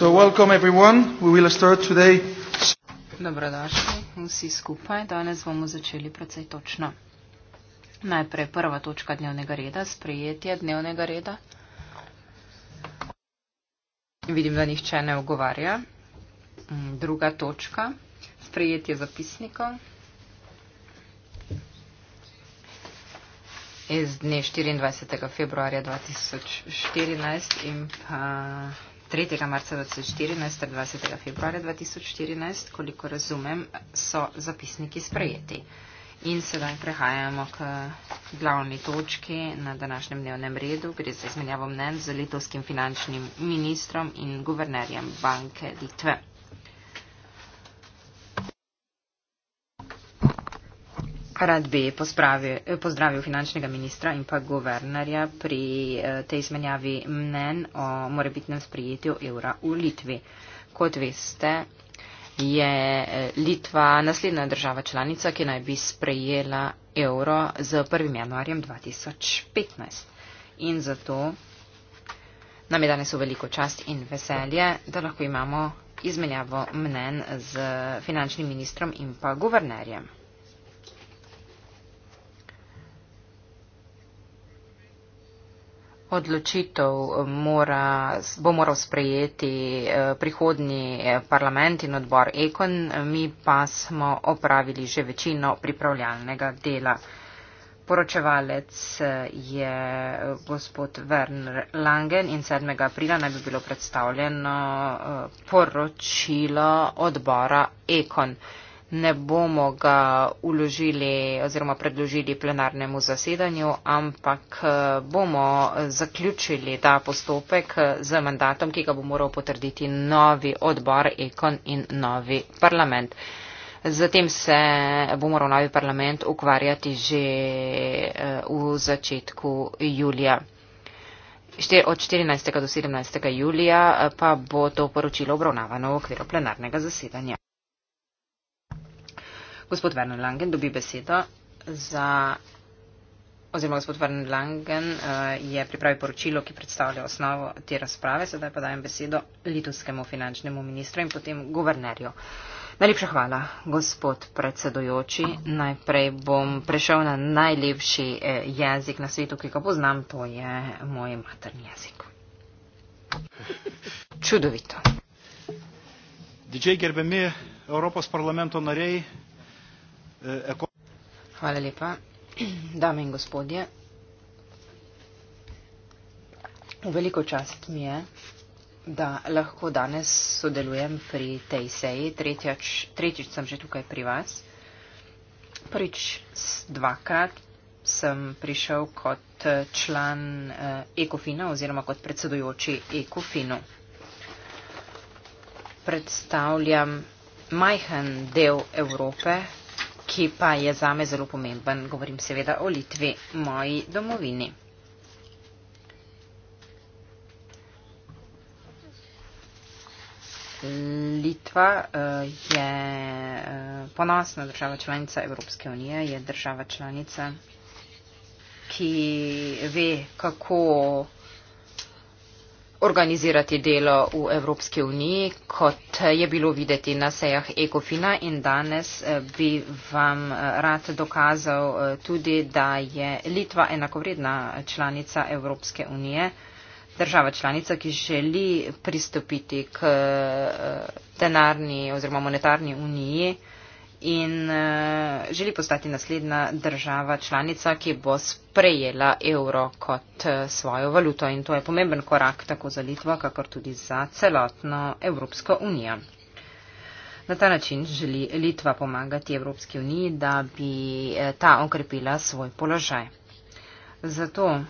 So welcome everyone. We will start today. Dobrodošli vsi skupaj. Danes bomo začeli precej točno. Najprej prva točka dnevnega reda, sprejetje dnevnega reda. Vidim, da nihče ne ogovarja. Mm, druga točka, sprejetje zapisnikov. Iz dne 24. februarja 2014 in pa. 3. marca 2014 ter 20. februarja 2014, koliko razumem, so zapisniki sprejeti. In sedaj prehajamo k glavni točki na današnjem dnevnem redu. Gre za izmenjavo mnen z litovskim finančnim ministrom in guvernerjem banke Litve. Rad bi pozdravil finančnega ministra in pa guvernarja pri eh, tej izmenjavi mnen o morebitnem sprijetju evra v Litvi. Kot veste, je eh, Litva naslednja država članica, ki naj bi sprejela evro z 1. januarjem 2015. In zato nam je danes v veliko čast in veselje, da lahko imamo izmenjavo mnen z finančnim ministrom in pa guvernerjem. odločitev eh, mora, bo moral sprejeti eh, prihodnji eh, parlament in odbor Ekon, mi pa smo opravili že večino pripravljalnega dela. Poročevalec je gospod Werner Langen in 7. aprila naj bi bilo predstavljeno poročilo odbora Ekon ne bomo ga uložili oziroma predložili plenarnemu zasedanju, ampak eh, bomo zaključili ta postopek eh, z mandatom, ki ga bo moral potrditi novi odbor Ekon in novi parlament. Zatem se bo moral novi parlament ukvarjati že eh, v začetku julija. Od 14. do 17. julija pa bo to poročilo obravnavano v okviru plenarnega zasedanja. Gospod Vernon Langen dobi besedo za. Oziroma, gospod Vernon Langen uh, je pripravil poročilo, ki predstavlja osnovo te razprave. Sedaj pa dajem besedo litovskemu finančnemu ministru in potem guvernerju. Najlepša hvala, gospod predsedojoči. Najprej bom prešel na najlepši eh, jezik na svetu, ki ga poznam, to je moj materni jezik. Čudovito. Didžej, gerbeni Evropos parlamento narej, Hvala lepa. Dame in gospodje, v veliko čast mi je, da lahko danes sodelujem pri tej seji. Tretjič, tretjič sem že tukaj pri vas. Prvič dvakrat sem prišel kot eh, član eh, Ekofina oziroma kot predsedujoči Ekofinu. Predstavljam majhen del Evrope, ki pa je zame zelo pomemben. Govorim seveda o Litvi, moji domovini. Litva eh, je eh, ponosna država članica Evropske unije, je država članica, ki ve, kako organizirati delo v Evropski uniji, kot je bilo videti na sejah Ekofina in danes eh, bi vam eh, rad dokazal eh, tudi, da je Litva enakovredna članica Evropske unije, država članica, ki želi pristopiti k denarni oziroma monetarni uniji in uh, želi postati naslednja država članica, ki bo sprejela evro kot uh, svojo valuto. In to je pomemben korak tako za Litvo, kakor tudi za celotno Evropsko unijo. Na ta način želi Litva pomagati Evropski uniji, da bi uh, ta okrepila svoj položaj. Zato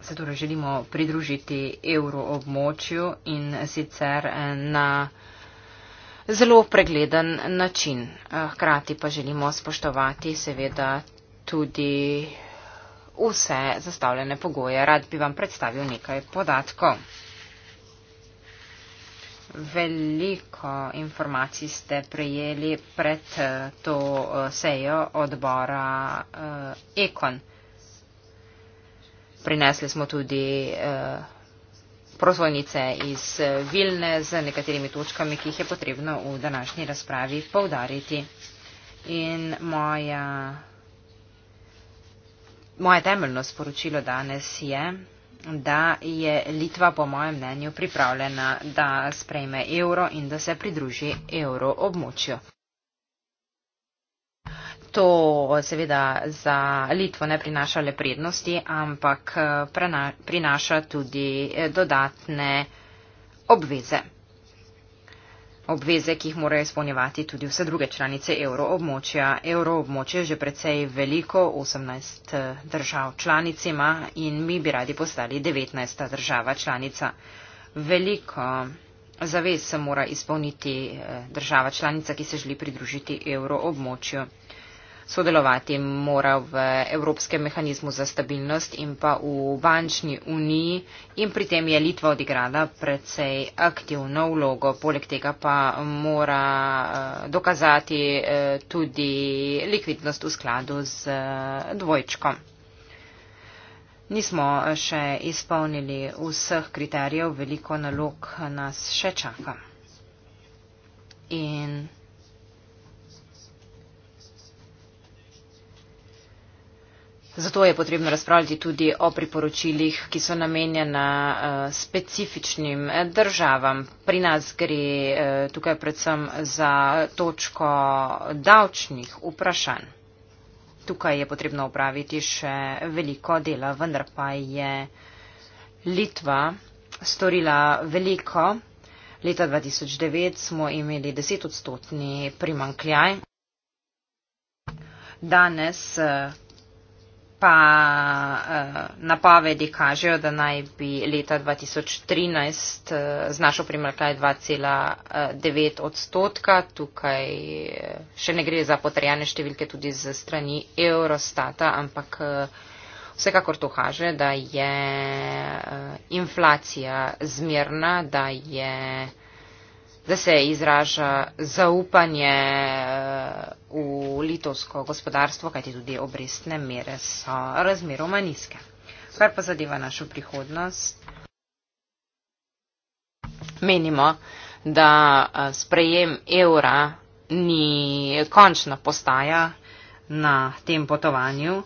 se torej želimo pridružiti evro območju in sicer na. Uh, zelo pregleden način. Eh, hkrati pa želimo spoštovati seveda tudi vse zastavljene pogoje. Rad bi vam predstavil nekaj podatkov. Veliko informacij ste prejeli pred eh, to eh, sejo odbora Ekon. Prinesli smo tudi prozvojnice iz Vilne z nekaterimi točkami, ki jih je potrebno v današnji razpravi povdariti. In moja, moje temeljno sporočilo danes je, da je Litva po mojem mnenju pripravljena, da sprejme evro in da se pridruži evro območju. To seveda za Litvo ne prinaša le prednosti, ampak eh, prena, prinaša tudi eh, dodatne obveze. Obveze, ki jih morajo izpolnjevati tudi vse druge članice evroobmočja. Evroobmočje je že precej veliko, 18 eh, držav članic ima in mi bi radi postali 19 država članica. Veliko zavez se mora izpolniti država članica, ki se želi pridružiti evroobmočju sodelovati mora v Evropskem mehanizmu za stabilnost in pa v bančni uniji in pri tem je Litva odigrala precej aktivno vlogo. Poleg tega pa mora eh, dokazati eh, tudi likvidnost v skladu z eh, dvojčkom. Nismo še izpolnili vseh kriterijev, veliko nalog nas še čaka. In Zato je potrebno razpravljati tudi o priporočilih, ki so namenjena eh, specifičnim eh, državam. Pri nas gre eh, tukaj predvsem za točko davčnih vprašanj. Tukaj je potrebno upraviti še veliko dela, vendar pa je Litva storila veliko. Leta 2009 smo imeli 10 odstotni primankljaj. Danes pa uh, napovedi kažejo, da naj bi leta 2013 uh, znašel primarkaj 2,9 odstotka. Tukaj eh, še ne gre za potrjene številke tudi z strani Eurostata, ampak uh, vsekakor to kaže, da je uh, inflacija zmerna, da je uh, da se izraža zaupanje eh, v litovsko gospodarstvo, kajti tudi obrestne mere so razmeroma nizke. Kar pa zadeva našo prihodnost, menimo, da eh, sprejem evra ni končna postaja na tem potovanju,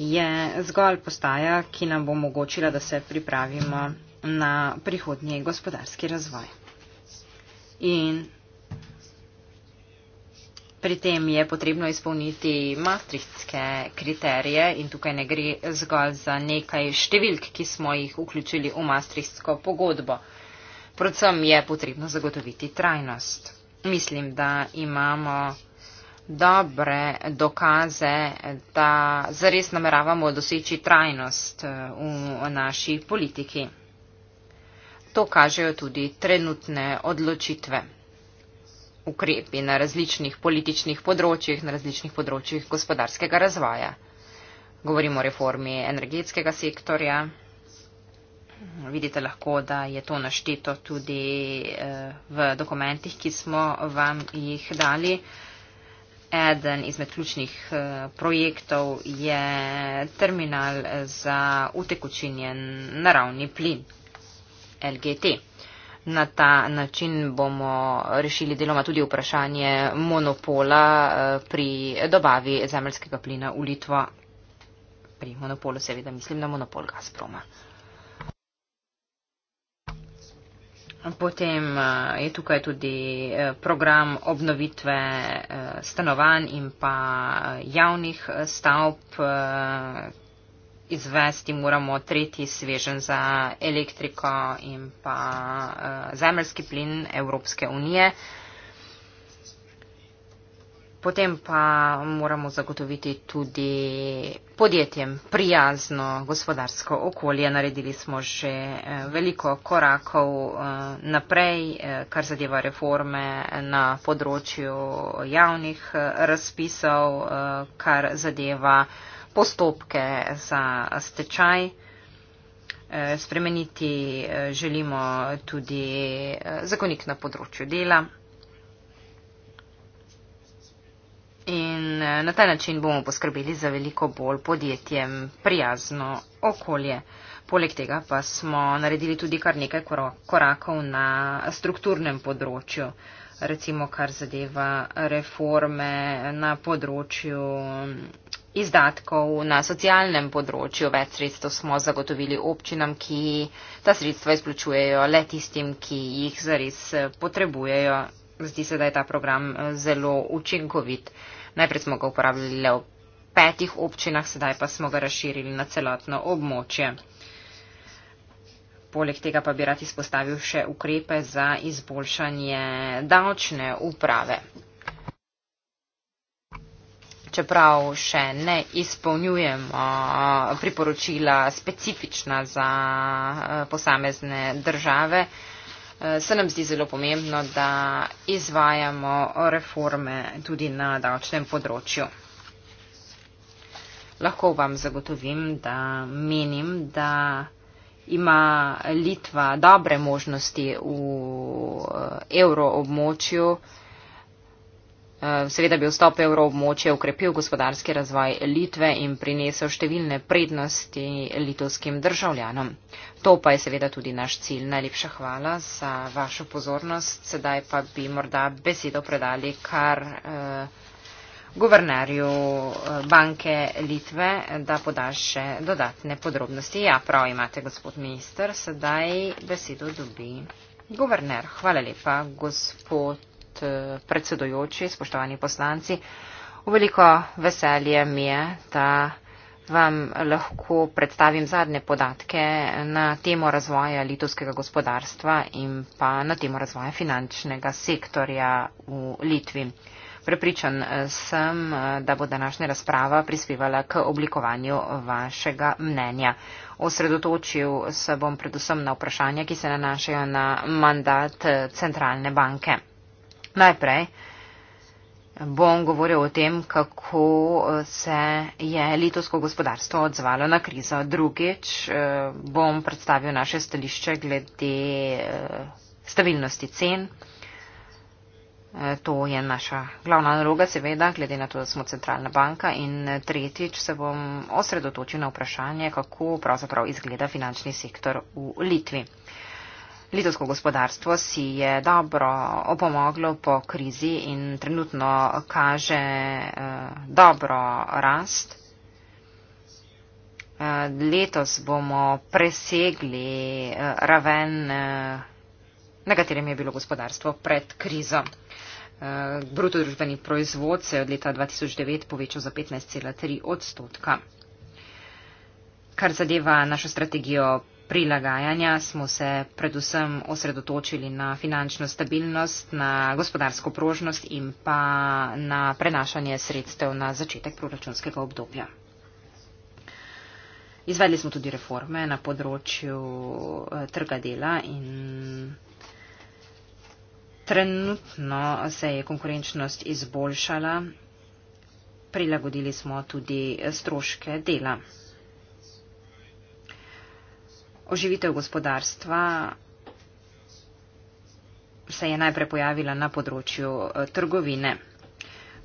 je zgolj postaja, ki nam bo omogočila, da se pripravimo na prihodnji gospodarski razvoj in pri tem je potrebno izpolniti matrihtske kriterije in tukaj ne gre zgolj za nekaj številk, ki smo jih vključili v matrihtsko pogodbo. Predvsem je potrebno zagotoviti trajnost. Mislim, da imamo dobre dokaze, da zares nameravamo doseči trajnost eh, v naši politiki. To kažejo tudi trenutne odločitve. Ukrepi na različnih političnih področjih, na različnih področjih gospodarskega razvoja. Govorimo o reformi energetskega sektorja. Vidite lahko, da je to našteto tudi eh, v dokumentih, ki smo vam jih dali. Eden izmed ključnih eh, projektov je terminal za utekočinjen naravni plin. LGT. Na ta način bomo rešili deloma tudi vprašanje monopola eh, pri dobavi zemljskega plina v Litvo. Pri monopolu seveda mislim na monopol Gazproma. Potem eh, je tukaj tudi eh, program obnovitve stanovanj in pa javnih stavb, izvesti, moramo tretji svežen za elektriko in pa uh, eh, zemljski plin Evropske unije. Potem pa moramo zagotoviti tudi podjetjem prijazno gospodarsko okolje. Naredili smo že eh, veliko korakov eh, naprej, kar zadeva reforme na področju javnih razpisov, kar zadeva postopke za stečaj. Eh, spremeniti eh, želimo tudi eh, zakonik na področju dela. In na ta način bomo poskrbeli za veliko bolj podjetjem prijazno okolje. Poleg tega pa smo naredili tudi kar nekaj korakov na strukturnem področju, recimo kar zadeva reforme na področju izdatkov na socialnem področju. Več sredstev smo zagotovili občinam, ki ta sredstva izključujejo le tistim, ki jih zares eh, potrebujejo. Zdi se, da je ta program eh, zelo učinkovit. Najprej smo ga uporabljali le v petih občinah, sedaj pa smo ga razširili na celotno območje. Poleg tega pa bi rad izpostavil še ukrepe za izboljšanje davčne uprave čeprav še ne izpolnjujemo eh, priporočila specifična za eh, posamezne države, eh, se nam zdi zelo pomembno, da izvajamo reforme tudi na davčnem področju. Lahko vam zagotovim, da menim, da ima Litva dobre možnosti v evroobmočju, Eh, seveda bi vstop evroobmočje ukrepil gospodarski razvoj Litve in prinesel številne prednosti litovskim državljanom. To pa je seveda tudi naš cilj. Najlepša hvala za vašo pozornost. Sedaj pa bi morda besedo predali kar eh, guvernarju eh, banke Litve, da poda še dodatne podrobnosti. Ja, prav imate, gospod minister. Sedaj besedo dobi guverner. Hvala lepa, gospod. Eh, predsedojoči, spoštovani poslanci. V veliko veselje mi je, da vam lahko predstavim zadnje podatke na temo razvoja litovskega gospodarstva in pa na temo razvoja finančnega sektorja v Litvi. Prepričan eh, sem, eh, da bo današnja razprava prispevala k oblikovanju vašega mnenja. Osredotočil se bom predvsem na vprašanja, ki se nanašajo na mandat centralne banke. Najprej bom govoril o tem, kako eh, se je litovsko gospodarstvo odzvalo na krizo. Drugič eh, bom predstavil naše stališče glede eh, stabilnosti cen. To je naša glavna naloga, seveda, glede na to, da smo centralna banka. In tretjič se bom osredotočil na vprašanje, kako pravzaprav izgleda finančni sektor v Litvi. Litovsko gospodarstvo si je dobro opomoglo po krizi in trenutno kaže eh, dobro rast. Eh, letos bomo presegli eh, raven, na katerem je bilo gospodarstvo pred krizo. Bruto družbeni proizvod se je od leta 2009 povečal za 15,3 odstotka. Kar zadeva našo strategijo prilagajanja smo se predvsem osredotočili na finančno stabilnost, na gospodarsko prožnost in pa na prenašanje sredstev na začetek proračunskega obdobja. Izvedli smo tudi reforme na področju eh, trga dela in trenutno se je konkurenčnost izboljšala. Prilagodili smo tudi eh, stroške dela. Oživitev gospodarstva se je najprej pojavila na področju eh, trgovine.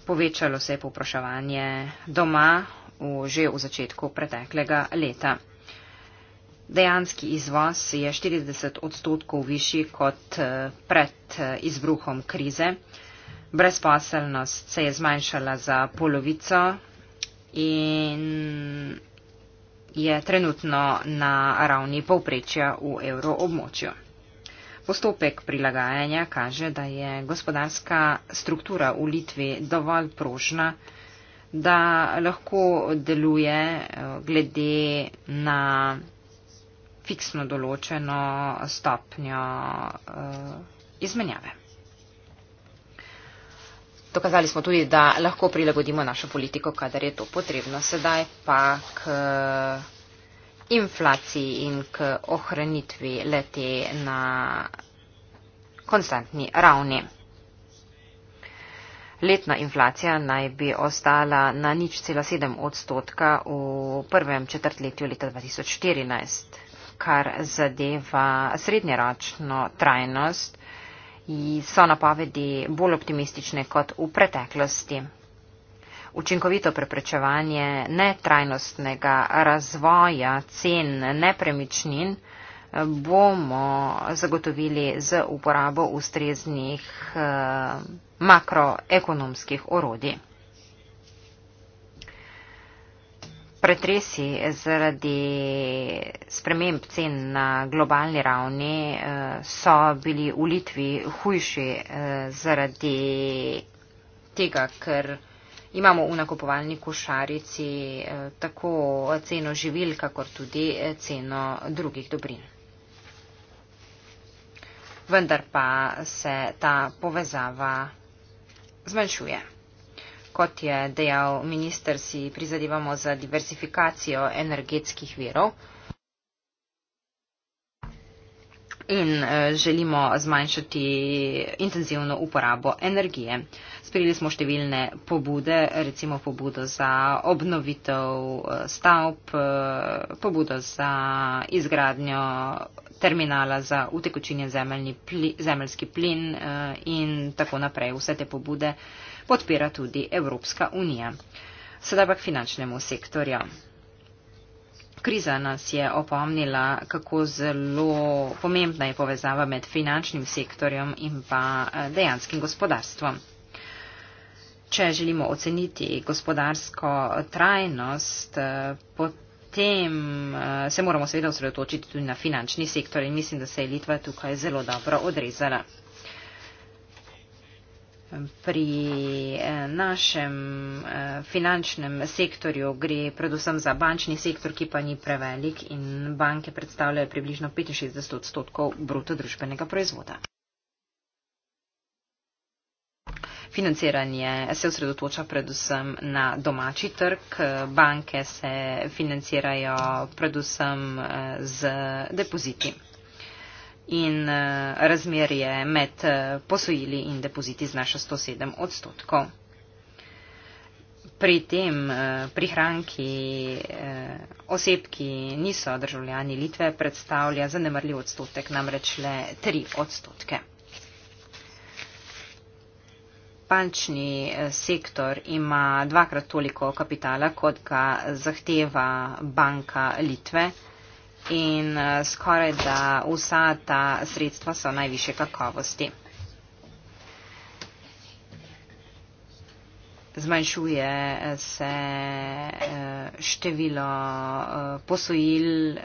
Povečalo se je povpraševanje doma v, že v začetku preteklega leta. Dejanski izvoz je 40 odstotkov višji kot eh, pred eh, izbruhom krize. Brezposelnost se je zmanjšala za polovico in je trenutno na ravni povprečja v evroobmočju. Postopek prilagajanja kaže, da je gospodarska struktura v Litvi dovolj prožna, da lahko deluje eh, glede na fiksno določeno stopnjo eh, izmenjave. Dokazali smo tudi, da lahko prilagodimo našo politiko, kadar je to potrebno. Sedaj pa k inflaciji in k ohranitvi lete na konstantni ravni. Letna inflacija naj bi ostala na nič cela sedem odstotka v prvem četrtletju leta 2014, kar zadeva srednjeročno trajnost so napovedi bolj optimistične kot v preteklosti. Učinkovito preprečevanje netrajnostnega razvoja cen nepremičnin eh, bomo zagotovili z uporabo ustreznih eh, makroekonomskih orodij. pretresi zaradi sprememb cen na globalni ravni eh, so bili v Litvi hujši eh, zaradi tega, ker imamo v nakupovalni košarici eh, tako ceno živil, kakor tudi ceno drugih dobrin. Vendar pa se ta povezava zmanjšuje. Kot je dejal minister, si prizadevamo za diversifikacijo energetskih virov in eh, želimo zmanjšati intenzivno uporabo energije. Sprejeli smo številne pobude, recimo pobudo za obnovitev eh, stavb, eh, pobudo za izgradnjo terminala za utekočinjen zemeljski plin in tako naprej. Vse te pobude podpira tudi Evropska unija. Sedaj pa k finančnemu sektorju. Kriza nas je opomnila, kako zelo pomembna je povezava med finančnim sektorjem in pa eh, dejanskim gospodarstvom. Če želimo oceniti gospodarsko eh, trajnost, eh, potem se moramo seveda osredotočiti tudi na finančni sektor in mislim, da se je Litva tukaj zelo dobro odrezala pri eh, našem eh, finančnem sektorju gre predvsem za bančni sektor, ki pa ni prevelik in banke predstavljajo približno 65 odstotkov bruto družbenega proizvoda. Financiranje se osredotoča predvsem na domači trg. Banke se financirajo predvsem eh, z depoziti in eh, razmerje med eh, posojili in depoziti znaša 107 odstotkov. Pri tem eh, prihranki oseb, ki niso državljani Litve, predstavlja zanemrljiv odstotek, namreč le 3 odstotke. Bančni sektor ima dvakrat toliko kapitala, kot ga zahteva banka Litve in eh, skoraj da vsa ta sredstva so najviše kakovosti. Zmanjšuje eh, se eh, število posojil,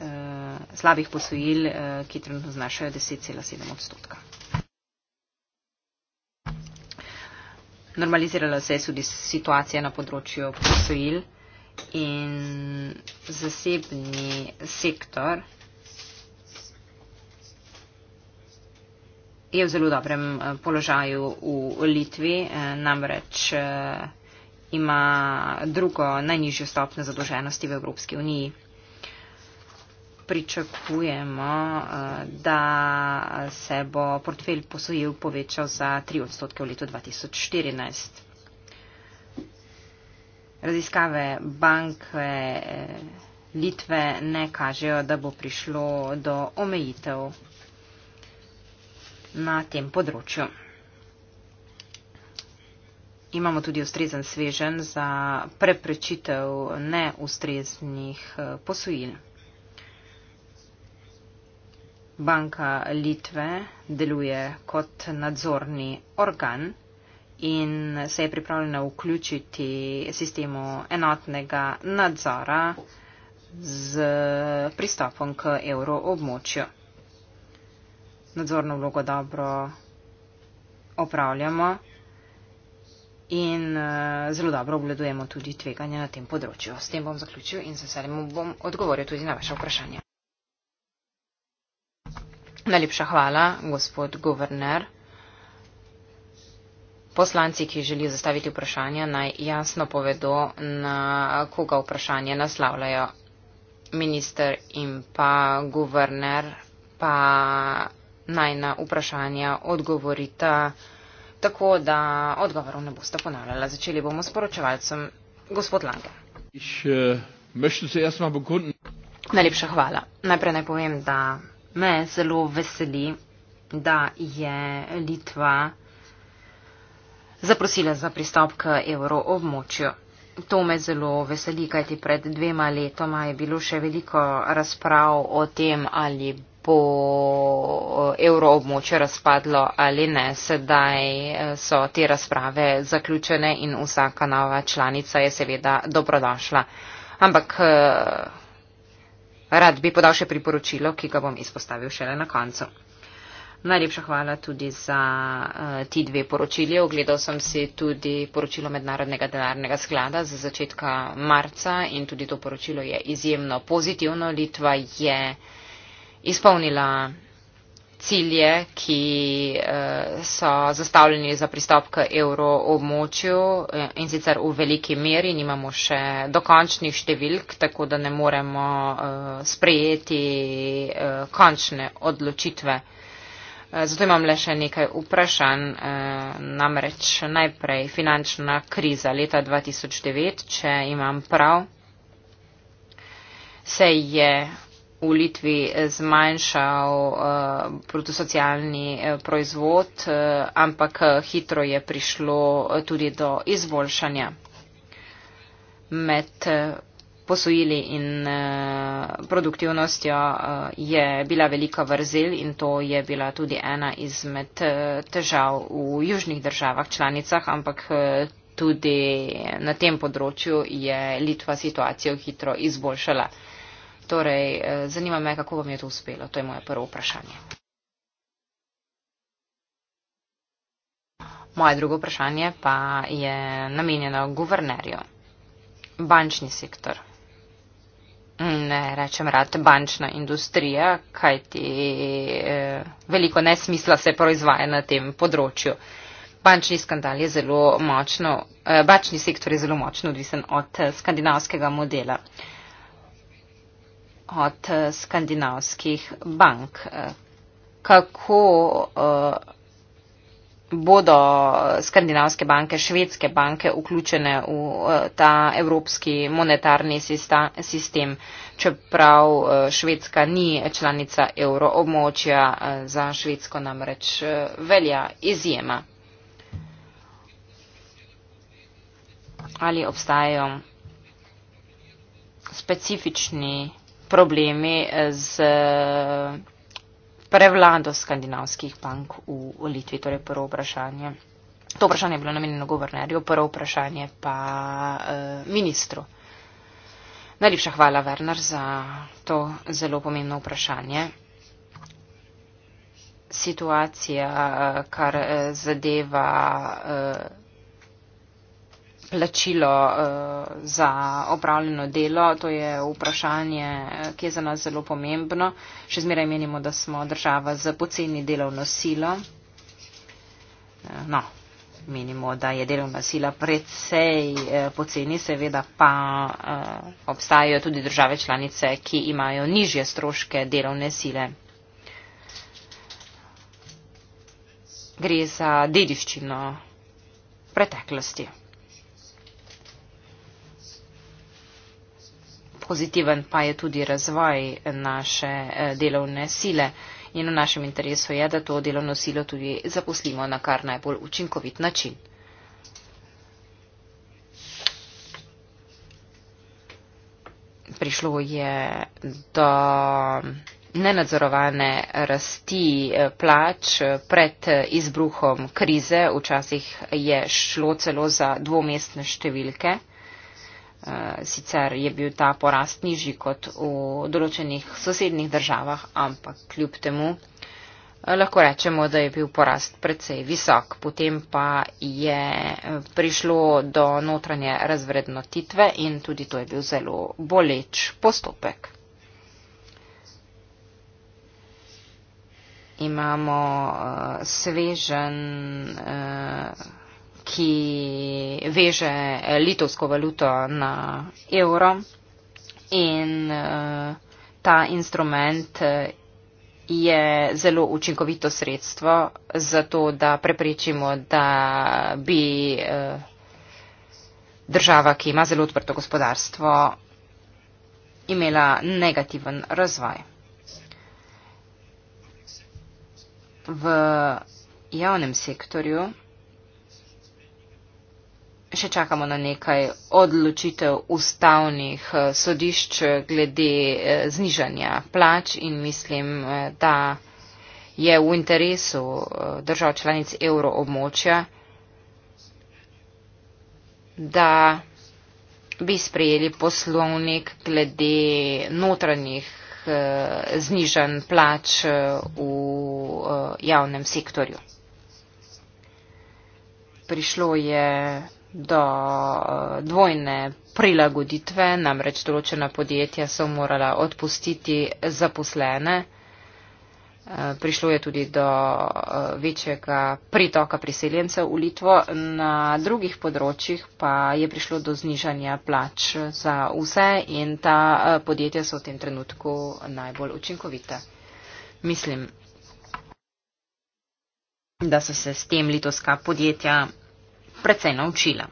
slabih posojil, ki trenutno znašajo 10,7 odstotka. Normalizirala se je tudi situacija na področju posojil in zasebni sektor je v zelo dobrem eh, položaju v Litvi, eh, namreč eh, ima drugo najnižjo stopnjo zadolženosti v Evropski uniji. Pričakujemo, da se bo portfelj posojil povečal za 3 odstotke v letu 2014 raziskave banke eh, Litve ne kažejo, da bo prišlo do omejitev na tem področju. Imamo tudi ustrezen svežen za preprečitev neustreznih eh, posojil. Banka Litve deluje kot nadzorni organ in se je pripravljena vključiti sistemu enotnega nadzora z pristopom k evroobmočju. Nadzorno vlogo dobro opravljamo in eh, zelo dobro obledujemo tudi tveganja na tem področju. S tem bom zaključil in z veseljem bom odgovoril tudi na vaše vprašanje. Najlepša hvala, gospod guverner. Poslanci, ki želijo zastaviti vprašanja, naj jasno povedo, na koga vprašanje naslavljajo. Minister in pa guverner pa naj na vprašanja odgovorita tako, da odgovorov ne boste ponavljala. Začeli bomo s poročevalcem gospod Lange. Ich, uh, Najlepša hvala. Najprej naj povem, da me zelo veseli, da je Litva zaprosila za pristop k evroobmočju. To me zelo veseli, kajti pred dvema letoma je bilo še veliko razprav o tem, ali bo evroobmočje razpadlo ali ne. Sedaj eh, so te razprave zaključene in vsaka nova članica je seveda dobrodošla. Ampak eh, rad bi podal še priporočilo, ki ga bom izpostavil šele na koncu. Najlepša hvala tudi za uh, ti dve poročili. Ogledal sem si tudi poročilo Mednarodnega denarnega sklada za začetka marca in tudi to poročilo je izjemno pozitivno. Litva je izpolnila cilje, ki uh, so zastavljeni za pristop k evro območju eh, in sicer v veliki meri. Nimamo še dokončnih številk, tako da ne moremo uh, sprejeti uh, končne odločitve. Eh, zato imam le še nekaj vprašanj. Eh, namreč najprej finančna kriza leta 2009, če imam prav, se je v Litvi zmanjšal protosocialni eh, proizvod, ampak hitro je prišlo tudi do izboljšanja. Med posojili in eh, produktivnostjo eh, je bila velika vrzel in to je bila tudi ena izmed eh, težav v južnih državah članicah, ampak tudi na tem področju je Litva situacijo hitro izboljšala. Torej, zanima me, kako vam je to uspelo. To je moje prvo vprašanje. Moje drugo vprašanje pa je namenjeno guvernerju. Bančni sektor ne rečem rad bančna industrija, kajti eh, veliko nesmisla se proizvaja na tem področju. Bančni skandal je zelo močno, eh, bančni sektor je zelo močno odvisen od eh, skandinavskega modela, od skandinavskih bank. Kako uh, bodo skandinavske banke, švedske banke vključene v eh, ta evropski monetarni sistem, čeprav eh, Švedska ni članica euroobmočja, eh, za Švedsko namreč velja izjema. Ali obstajajo specifični problemi z prevlado skandinavskih bank v Litvi, torej prvo vprašanje. To vprašanje je bilo namenjeno guvernerju, prvo vprašanje pa eh, ministru. Najlepša hvala, Werner, za to zelo pomembno vprašanje. Situacija, eh, kar eh, zadeva. Eh, plačilo uh, za opravljeno delo. To je vprašanje, eh, ki je za nas zelo pomembno. Še zmeraj menimo, da smo država z poceni delovno silo. Eh, no, menimo, da je delovna sila predvsej eh, poceni, seveda pa eh, obstajajo tudi države članice, ki imajo nižje stroške delovne sile. Gre za dediščino preteklosti. pozitiven pa je tudi razvoj naše eh, delovne sile in v našem interesu je, da to delovno silo tudi zaposlimo na kar najbolj učinkovit način. Prišlo je do nenadzorovane rasti eh, plač eh, pred izbruhom krize, včasih je šlo celo za dvomestne številke. Eh, sicer je bil ta porast nižji kot v določenih sosednih državah, ampak kljub temu eh, lahko rečemo, da je bil porast precej visok. Potem pa je eh, prišlo do notranje razvrednotitve in tudi to je bil zelo boleč postopek. Imamo uh, svežen. Uh, ki veže litovsko valuto na evro in eh, ta instrument eh, je zelo učinkovito sredstvo za to, da preprečimo, da bi eh, država, ki ima zelo odprto gospodarstvo, imela negativen razvoj. V javnem sektorju še čakamo na nekaj odločitev ustavnih eh, sodišč glede eh, znižanja plač in mislim, eh, da je v interesu držav članic euroobmočja, da bi sprejeli poslovnik glede notranjih znižan plač v javnem sektorju. Prišlo je do eh, dvojne prilagoditve, namreč določena podjetja so morala odpustiti zaposlene. Eh, prišlo je tudi do eh, večjega pritoka priseljencev v Litvo, na drugih področjih pa je prišlo do znižanja plač za vse in ta podjetja so v tem trenutku najbolj učinkovita. Mislim, da so se s tem litovska podjetja precej naučila.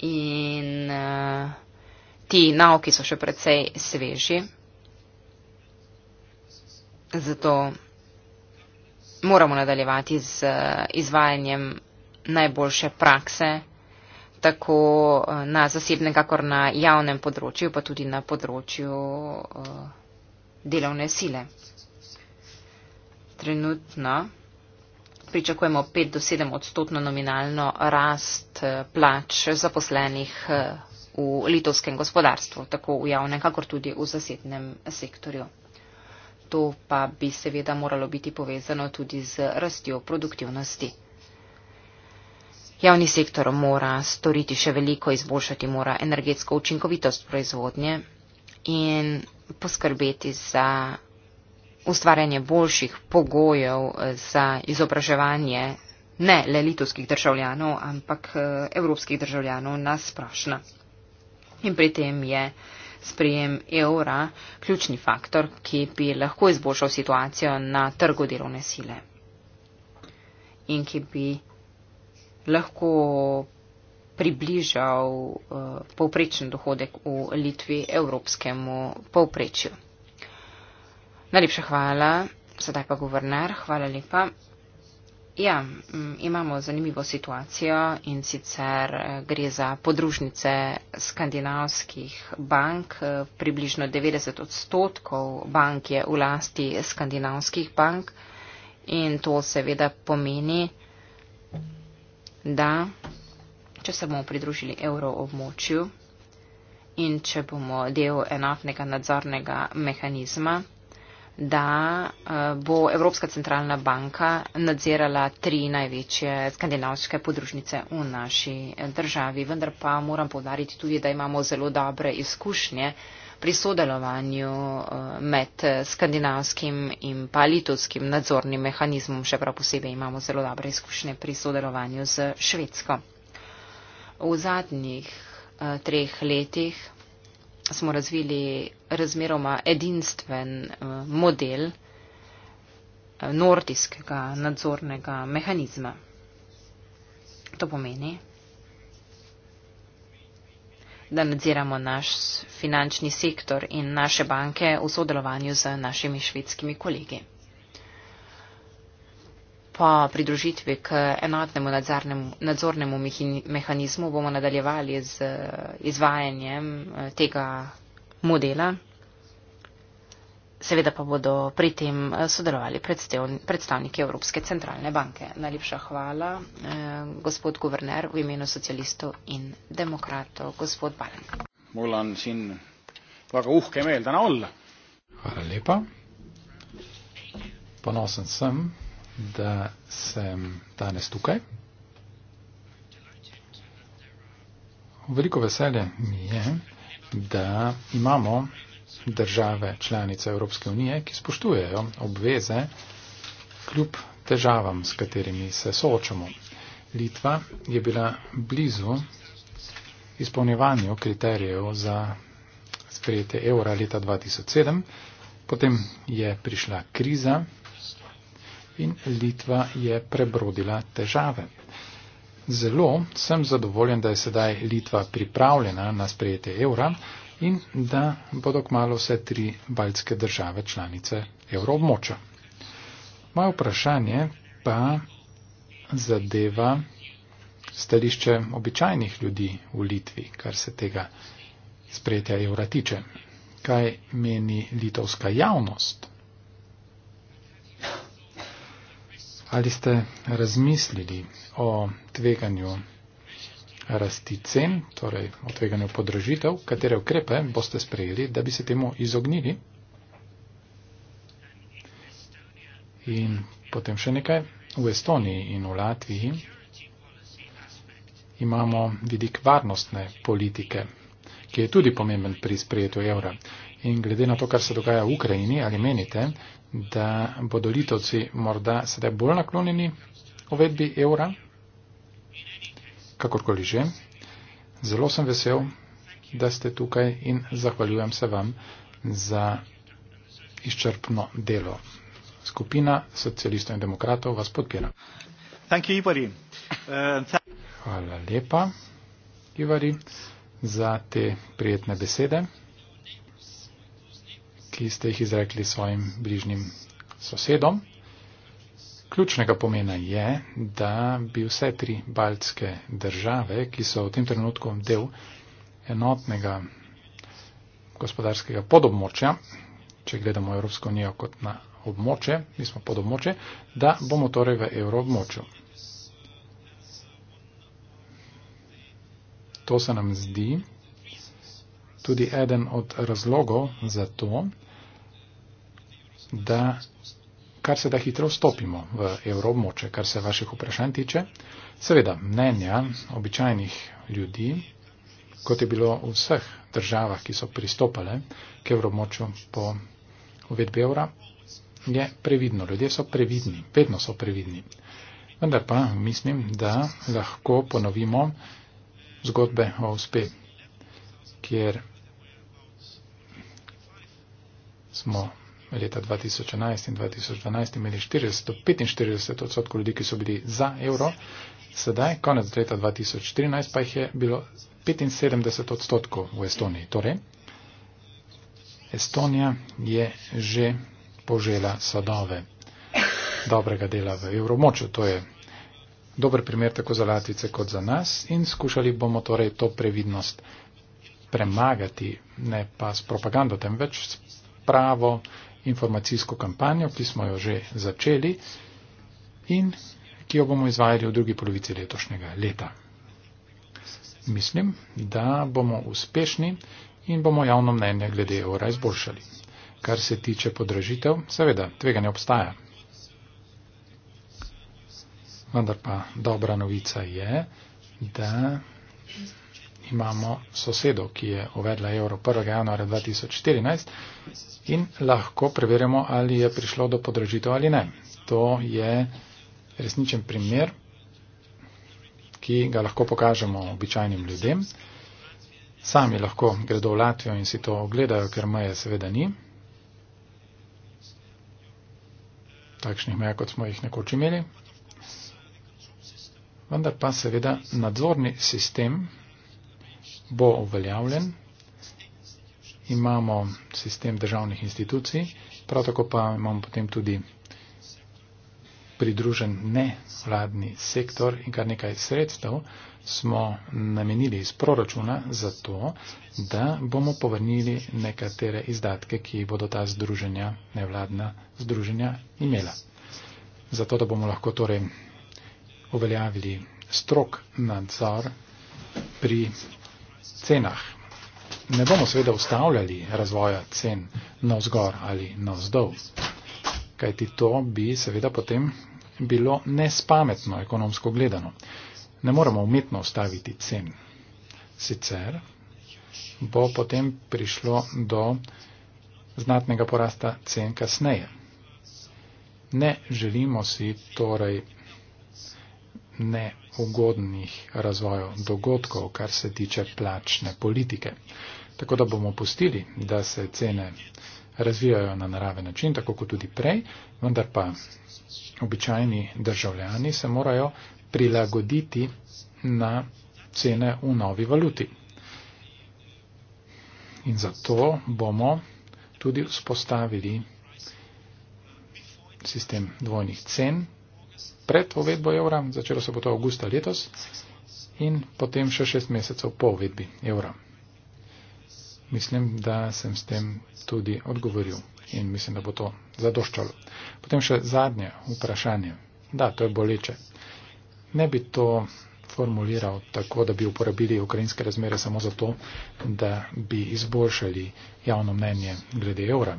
In uh, ti nauki so še precej sveži, zato moramo nadaljevati z uh, izvajanjem najboljše prakse, tako uh, na zasebnem, kakor na javnem področju, pa tudi na področju uh, delovne sile. Trenutno pričakujemo 5 do 7 odstotno nominalno rast eh, plač zaposlenih eh, v litovskem gospodarstvu, tako v javnem, kakor tudi v zasebnem sektorju. To pa bi seveda moralo biti povezano tudi z rastjo produktivnosti. Javni sektor mora storiti še veliko, izboljšati mora energetsko učinkovitost proizvodnje in poskrbeti za ustvarjanje boljših pogojev eh, za izobraževanje ne le litovskih državljanov, ampak eh, evropskih državljanov nasprašna. In pri tem je sprejem evra ključni faktor, ki bi lahko izboljšal situacijo na trgu delovne sile in ki bi lahko približal uh, povprečen dohodek v Litvi evropskemu povprečju. Najlepša hvala, sedaj pa guvernar, hvala lepa. Ja, imamo zanimivo situacijo in sicer eh, gre za podružnice skandinavskih bank. Eh, približno 90 odstotkov bank je v lasti skandinavskih bank in to seveda pomeni, da če se bomo pridružili evroobmočju in če bomo del enotnega nadzornega mehanizma, da eh, bo Evropska centralna banka nadzirala tri največje skandinavske podružnice v naši eh, državi. Vendar pa moram povdariti tudi, da imamo zelo dobre izkušnje pri sodelovanju eh, med skandinavskim in pa litovskim nadzornim mehanizmom. Še prav posebej imamo zelo dobre izkušnje pri sodelovanju z Švedsko. V zadnjih treh letih smo razvili razmeroma edinstven eh, model eh, nordijskega nadzornega mehanizma. To pomeni, da nadziramo naš finančni sektor in naše banke v sodelovanju z našimi švedskimi kolegi. Po pridružitvi k enotnemu nadzornemu mehanizmu bomo nadaljevali z eh, izvajanjem eh, tega modela. Seveda pa bodo pri tem eh, sodelovali predstavniki Evropske centralne banke. Najlepša hvala, gospod guverner v imenu socialistov in demokratov, gospod Balen. Hvala lepa. Ponosen sem da sem danes tukaj. Veliko veselje mi je, da imamo države članice Evropske unije, ki spoštujejo obveze kljub težavam, s katerimi se soočamo. Litva je bila blizu izpolnjevanju kriterijev za sprejete evra leta 2007, potem je prišla kriza in Litva je prebrodila težave. Zelo sem zadovoljen, da je sedaj Litva pripravljena na sprejete evra in da bodo kmalo vse tri baljske države članice evroobmoča. Moje vprašanje pa zadeva stališče običajnih ljudi v Litvi, kar se tega sprejetja evra tiče. Kaj meni litovska javnost? Ali ste razmislili o tveganju rasti cen, torej o tveganju podražitev, katere ukrepe boste sprejeli, da bi se temu izognili? In potem še nekaj. V Estoniji in v Latviji imamo vidik varnostne politike, ki je tudi pomemben pri sprejetu evra. In glede na to, kar se dogaja v Ukrajini, ali menite, da bodo litovci morda sedaj bolj naklonjeni uvedbi evra, kakorkoli že. Zelo sem vesel, da ste tukaj in zahvaljujem se vam za izčrpno delo. Skupina socialistov in demokratov vas podpira. Uh, Hvala lepa, Ivari, za te prijetne besede ki ste jih izrekli svojim bližnjim sosedom. Ključnega pomena je, da bi vse tri baltske države, ki so v tem trenutku del enotnega gospodarskega podobmočja, če gledamo Evropsko unijo kot na območje, mi smo podobmočje, da bomo torej v evroobmočju. To se nam zdi tudi eden od razlogov za to, da kar se da hitro vstopimo v evroobmoče, kar se vaših vprašanj tiče. Seveda, mnenja običajnih ljudi, kot je bilo v vseh državah, ki so pristopale k evroobmoču po uvedbi evra, je previdno. Ljudje so previdni, vedno so previdni. Vendar pa mislim, da lahko ponovimo zgodbe o uspehu, kjer smo leta 2011 in 2012 imeli 40 do 45 odstotkov ljudi, ki so bili za evro. Sedaj, konec leta 2013, pa jih je bilo 75 odstotkov v Estoniji. Torej, Estonija je že požela sadove dobrega dela v evromoču. To je dober primer tako za Latvice kot za nas in skušali bomo torej to previdnost premagati, ne pa s propagando, temveč s pravo informacijsko kampanjo, ki smo jo že začeli in ki jo bomo izvajali v drugi polovici letošnjega leta. Mislim, da bomo uspešni in bomo javno mnenje glede evra izboljšali. Kar se tiče podražitev, seveda, tvega ne obstaja. Vendar pa dobra novica je, da imamo sosedo, ki je uvedla evro 1. januarja 2014 in lahko preverjamo, ali je prišlo do podražitev ali ne. To je resničen primer, ki ga lahko pokažemo običajnim ljudem. Sami lahko gredo v Latvijo in si to ogledajo, ker meje seveda ni. Takšnih meja, kot smo jih nekoč imeli. Vendar pa seveda nadzorni sistem bo uveljavljen. Imamo sistem državnih institucij, prav tako pa imamo potem tudi pridružen nevladni sektor in kar nekaj sredstev smo namenili iz proračuna za to, da bomo povrnili nekatere izdatke, ki bodo ta združenja, nevladna združenja imela. Zato, da bomo lahko torej uveljavili strok nadzor pri cenah. Ne bomo seveda ustavljali razvoja cen na vzgor ali na vzdolj, kajti to bi seveda potem bilo nespametno ekonomsko gledano. Ne moremo umetno ustaviti cen. Sicer bo potem prišlo do znatnega porasta cen kasneje. Ne želimo si torej ne ugodnih razvojev dogodkov, kar se tiče plačne politike. Tako da bomo pustili, da se cene razvijajo na narave način, tako kot tudi prej, vendar pa običajni državljani se morajo prilagoditi na cene v novi valuti. In zato bomo tudi vzpostavili sistem dvojnih cen, pred uvedbo evra, začelo se bo to avgusta letos in potem še šest mesecev po uvedbi evra. Mislim, da sem s tem tudi odgovoril in mislim, da bo to zadoščalo. Potem še zadnje vprašanje. Da, to je boleče. Ne bi to formuliral tako, da bi uporabili ukrajinske razmere samo zato, da bi izboljšali javno mnenje glede evra.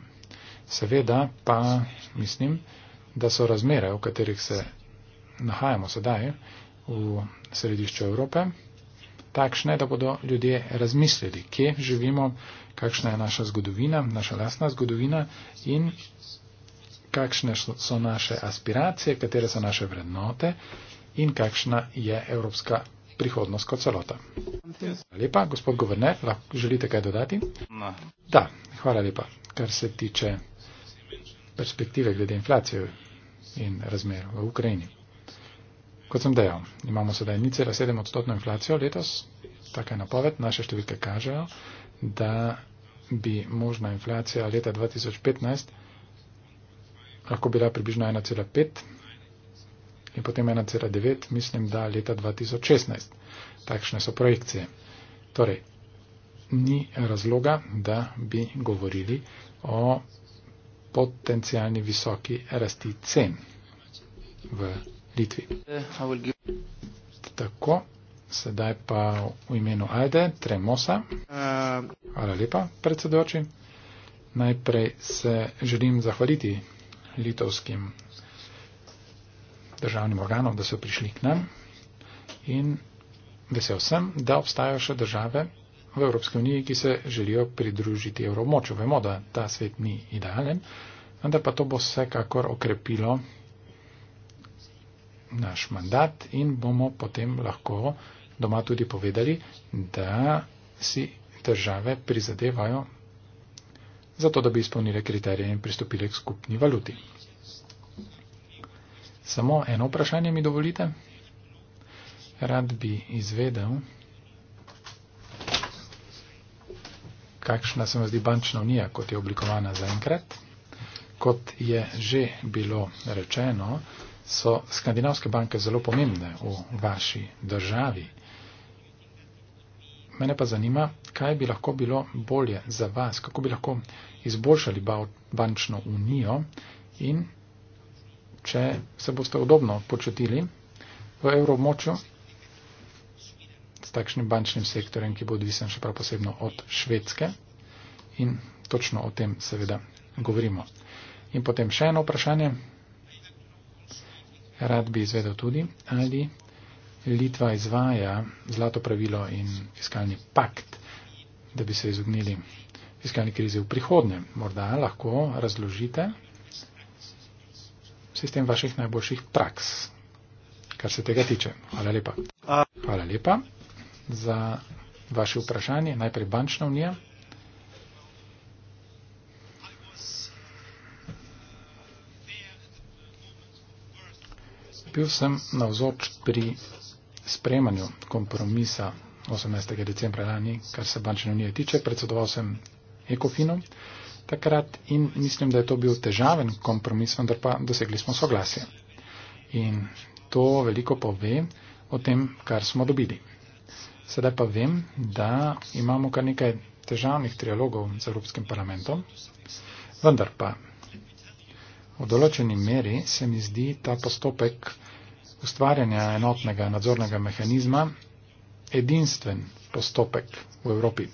Seveda pa mislim, da so razmere, v katerih se nahajamo sedaj v središču Evrope, takšne, da bodo ljudje razmislili, kje živimo, kakšna je naša zgodovina, naša lastna zgodovina in kakšne so naše aspiracije, katere so naše vrednote in kakšna je evropska prihodnost kot celota. Hvala lepa, gospod guverner, lahko želite kaj dodati? Da, hvala lepa, kar se tiče perspektive glede inflacije in razmer v Ukrajini. Kot sem dejal, imamo sedaj 0,7 odstotno inflacijo letos, taka je napoved, naše številke kažejo, da bi možna inflacija leta 2015 lahko bila približno 1,5 in potem 1,9, mislim, da leta 2016. Takšne so projekcije. Torej, ni razloga, da bi govorili o potencijalni visoki rasti cen v Litvi. Tako, sedaj pa v imenu Ajde Tremosa. Uh, Hvala lepa, predsedoči. Najprej se želim zahvaliti litovskim državnim organom, da so prišli k nam in vesel sem, da obstajajo še države v Evropski uniji, ki se želijo pridružiti evromoču. Vemo, da ta svet ni idealen, vendar pa to bo vsekakor okrepilo naš mandat in bomo potem lahko doma tudi povedali, da si države prizadevajo za to, da bi izpolnile kriterije in pristopile k skupni valuti. Samo eno vprašanje mi dovolite. Rad bi izvedel, kakšna se vam zdi bančna unija, kot je oblikovana zaenkrat. Kot je že bilo rečeno, so skandinavske banke zelo pomembne v vaši državi. Mene pa zanima, kaj bi lahko bilo bolje za vas, kako bi lahko izboljšali bančno unijo in če se boste udobno počutili v evromočju s takšnim bančnim sektorjem, ki bo odvisen še prav posebno od Švedske in točno o tem seveda govorimo. In potem še eno vprašanje rad bi izvedel tudi, ali Litva izvaja zlato pravilo in fiskalni pakt, da bi se izognili fiskalni krizi v prihodnje. Morda lahko razložite sistem vaših najboljših praks, kar se tega tiče. Hvala lepa. Hvala lepa za vaše vprašanje. Najprej bančna unija. Bil sem navzoč pri spremanju kompromisa 18. decembra lani, kar se bančne unije tiče, predsedoval sem ECOFIN-u takrat in mislim, da je to bil težaven kompromis, vendar pa dosegli smo soglasje. In to veliko pove o tem, kar smo dobili. Sedaj pa vem, da imamo kar nekaj težavnih trialogov z Evropskim parlamentom, vendar pa V določeni meri se mi zdi ta postopek ustvarjanja enotnega nadzornega mehanizma edinstven postopek v Evropi.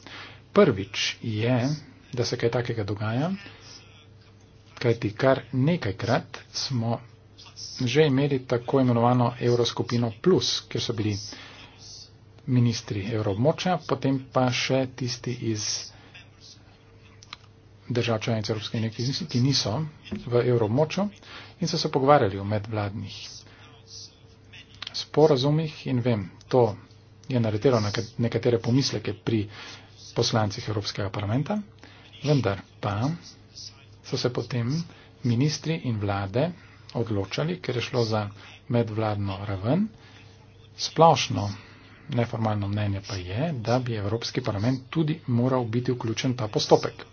Prvič je, da se kaj takega dogaja, kajti kar nekajkrat smo že imeli tako imenovano Evroskupino Plus, kjer so bili ministri evroobmočja, potem pa še tisti iz držav članic Evropske unije, ki niso v evromočo in so se pogovarjali o medvladnih sporazumih in vem, to je naretelo na nekatere pomisleke pri poslancih Evropskega parlamenta, vendar pa so se potem ministri in vlade odločali, ker je šlo za medvladno raven. Splošno neformalno mnenje pa je, da bi Evropski parlament tudi moral biti vključen ta postopek.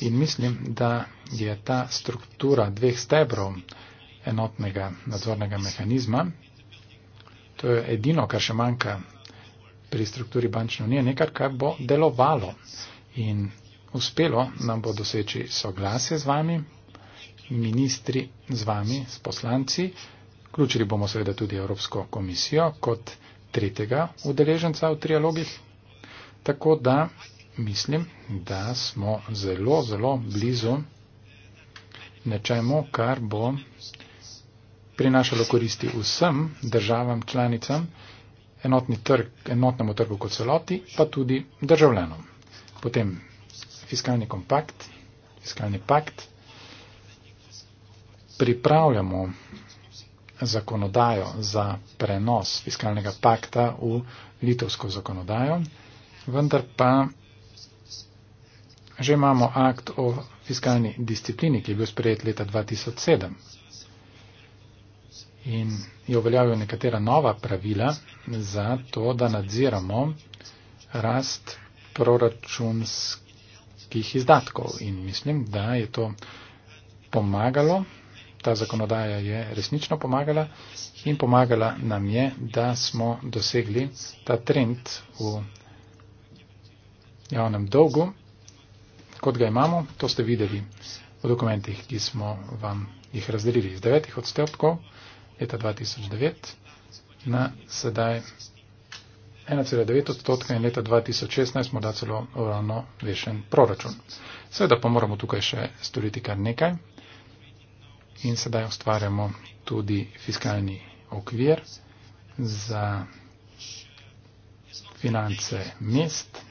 In mislim, da je ta struktura dveh stebrov enotnega nadzornega mehanizma, to je edino, kar še manjka pri strukturi bančne unije, nekaj, kar bo delovalo. In uspelo nam bo doseči soglasje z vami, ministri z vami, s poslanci. Vključili bomo seveda tudi Evropsko komisijo kot tretjega udeleženca v trialogih. Tako da mislim, da smo zelo, zelo blizu nečemu, kar bo prinašalo koristi vsem državam članicam, trg, enotnemu trgu kot celoti, pa tudi državljanom. Potem fiskalni kompakt, fiskalni pakt, pripravljamo zakonodajo za prenos fiskalnega pakta v litovsko zakonodajo, vendar pa Že imamo akt o fiskalni disciplini, ki je bil sprejet leta 2007 in je uveljavil nekatera nova pravila za to, da nadziramo rast proračunskih izdatkov. In mislim, da je to pomagalo, ta zakonodaja je resnično pomagala in pomagala nam je, da smo dosegli ta trend v javnem dolgu kot ga imamo, to ste videli v dokumentih, ki smo vam jih razdelili iz devetih odstotkov leta 2009 na sedaj 1,9 odstotka in leta 2016 morda celo ravno vešen proračun. Seveda pa moramo tukaj še storiti kar nekaj in sedaj ustvarjamo tudi fiskalni okvir za finance mest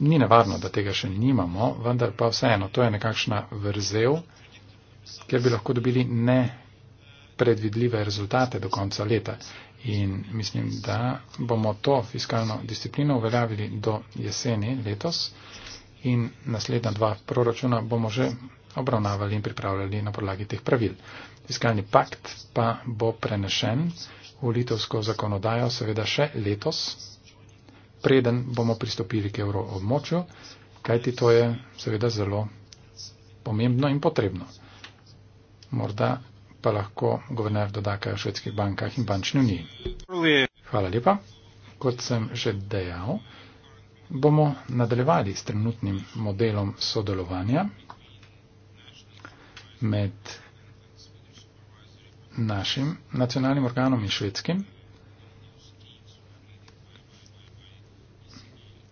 ni nevarno, da tega še nimamo, vendar pa vseeno, to je nekakšna vrzel, kjer bi lahko dobili nepredvidljive rezultate do konca leta. In mislim, da bomo to fiskalno disciplino uveljavili do jeseni letos in naslednja dva proračuna bomo že obravnavali in pripravljali na podlagi teh pravil. Fiskalni pakt pa bo prenešen v litovsko zakonodajo, seveda še letos, preden bomo pristopili k evroobmočju, kajti to je seveda zelo pomembno in potrebno. Morda pa lahko guverner dodaka o švedskih bankah in bančni uniji. Hvala lepa. Kot sem že dejal, bomo nadaljevali s trenutnim modelom sodelovanja med našim nacionalnim organom in švedskim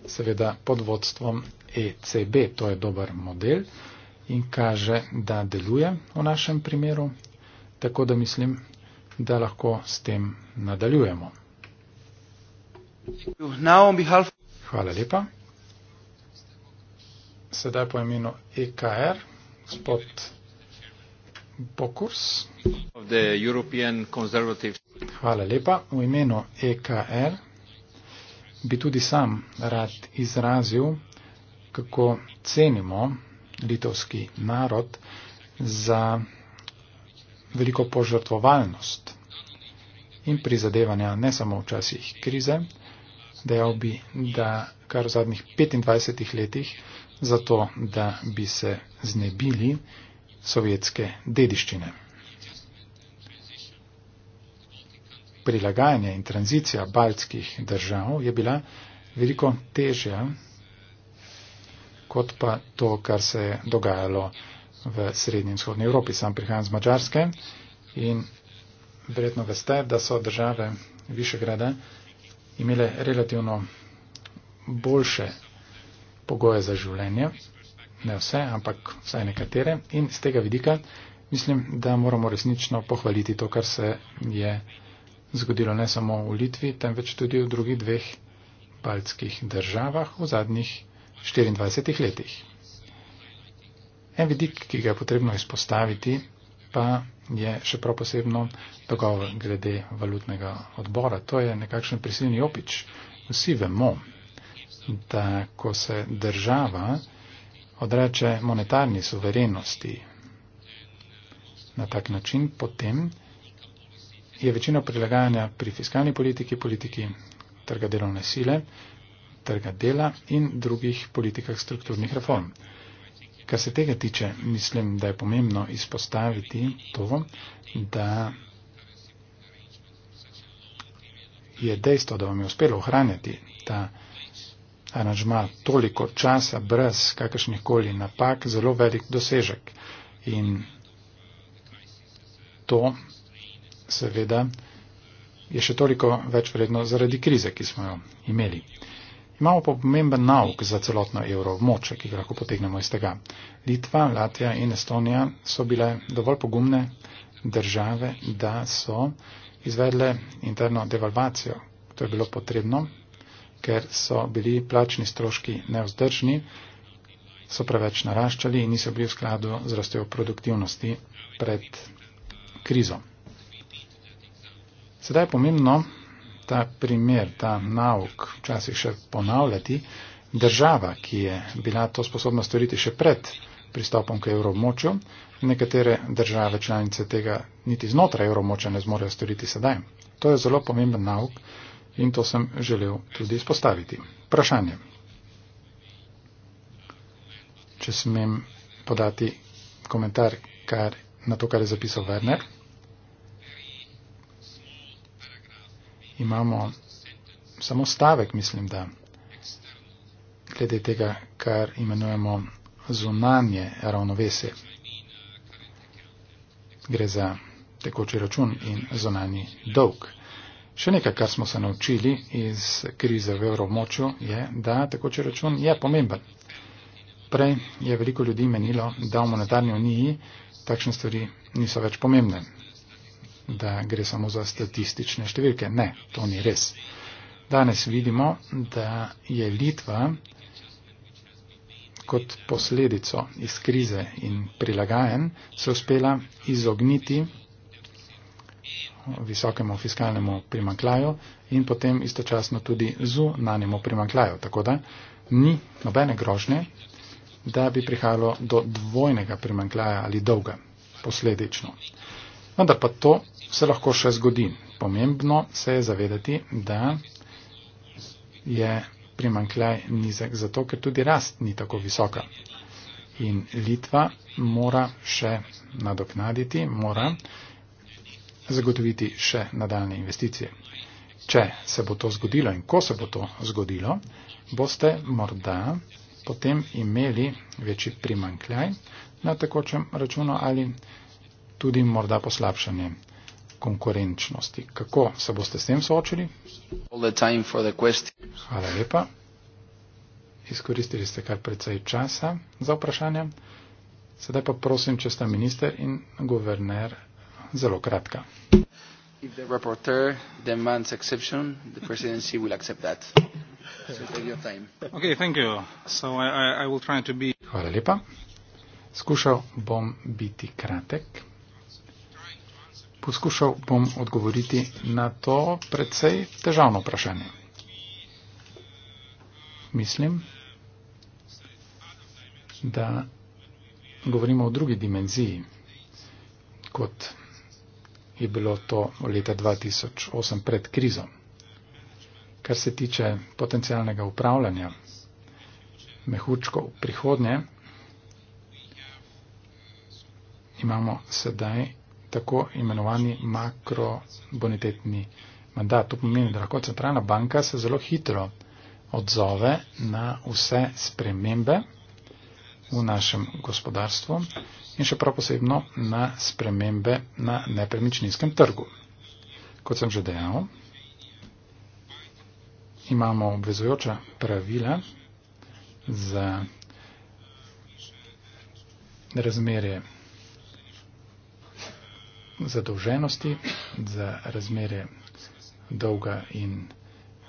seveda pod vodstvom ECB. To je dober model in kaže, da deluje v našem primeru, tako da mislim, da lahko s tem nadaljujemo. Hvala lepa. Sedaj po imenu EKR, gospod Bokurs. Hvala lepa. V imenu EKR bi tudi sam rad izrazil, kako cenimo litovski narod za veliko požrtvovalnost in prizadevanja ne samo v časih krize, dejal bi, da kar v zadnjih 25 letih zato, da bi se znebili sovjetske dediščine. prilagajanje in tranzicija baltskih držav je bila veliko težja kot pa to, kar se je dogajalo v srednji in vzhodni Evropi. Sam prihajam z Mačarske in verjetno veste, da so države Višegrada imele relativno boljše pogoje za življenje, ne vse, ampak vsaj nekatere. In z tega vidika mislim, da moramo resnično pohvaliti to, kar se je zgodilo ne samo v Litvi, temveč tudi v drugih dveh baltskih državah v zadnjih 24 letih. En vidik, ki ga je potrebno izpostaviti, pa je še prav posebno dogovor glede valutnega odbora. To je nekakšen prisilni opič. Vsi vemo, da ko se država odreče monetarni suverenosti na tak način, potem je večina prilagajanja pri fiskalni politiki, politiki trga delovne sile, trga dela in drugih politikah strukturnih reform. Kar se tega tiče, mislim, da je pomembno izpostaviti to, da je dejstvo, da vam je uspelo ohranjati ta aranžma toliko časa brez kakršnih koli napak, zelo velik dosežek. In to seveda je še toliko več vredno zaradi krize, ki smo jo imeli. Imamo pa pomemben nauk za celotno evro območje, ki ga lahko potegnemo iz tega. Litva, Latvija in Estonija so bile dovolj pogumne države, da so izvedle interno devalvacijo. To je bilo potrebno, ker so bili plačni stroški neozdržni, so preveč naraščali in niso bili v skladu z rastejo produktivnosti pred krizo. Sedaj je pomembno ta primer, ta nauk, včasih še ponavljati, država, ki je bila to sposobna storiti še pred pristopom k evromočju, nekatere države članice tega niti znotraj evromoča ne zmorejo storiti sedaj. To je zelo pomemben nauk in to sem želel tudi izpostaviti. Vprašanje. Če smem podati komentar kar, na to, kar je zapisal Werner. imamo samo stavek, mislim, da glede tega, kar imenujemo zunanje ravnovese. Gre za tekoči račun in zunanji dolg. Še nekaj, kar smo se naučili iz krize v evromočju, je, da tekoči račun je pomemben. Prej je veliko ljudi menilo, da v monetarni uniji takšne stvari niso več pomembne da gre samo za statistične številke. Ne, to ni res. Danes vidimo, da je Litva kot posledico iz krize in prilagajen se uspela izogniti visokemu fiskalnemu primanklaju in potem istočasno tudi zunanjemu primanklaju. Tako da ni nobene grožnje, da bi prihajalo do dvojnega primanklaja ali dolga posledično. Vendar pa to se lahko še zgodi. Pomembno se je zavedati, da je primankljaj nizek, zato ker tudi rast ni tako visoka. In Litva mora še nadoknaditi, mora zagotoviti še nadaljne investicije. Če se bo to zgodilo in ko se bo to zgodilo, boste morda potem imeli večji primankljaj na tekočem računu ali tudi morda poslabšanje konkurenčnosti. Kako se boste s tem soočili? Hvala lepa. Izkoristili ste kar precej časa za vprašanje. Sedaj pa prosim, če sta minister in guverner zelo kratka. Hvala lepa. Skušal bom biti kratek. Poskušal bom odgovoriti na to predvsej težavno vprašanje. Mislim, da govorimo o drugi dimenziji, kot je bilo to leta 2008 pred krizo. Kar se tiče potencijalnega upravljanja mehučkov prihodnje, imamo sedaj tako imenovani makrobonitetni mandat. To pomeni, da lahko centralna banka se zelo hitro odzove na vse spremembe v našem gospodarstvu in še prav posebno na spremembe na nepremičninskem trgu. Kot sem že dejal, imamo obvezujoča pravila za razmerje zadolženosti, za razmere dolga in eh,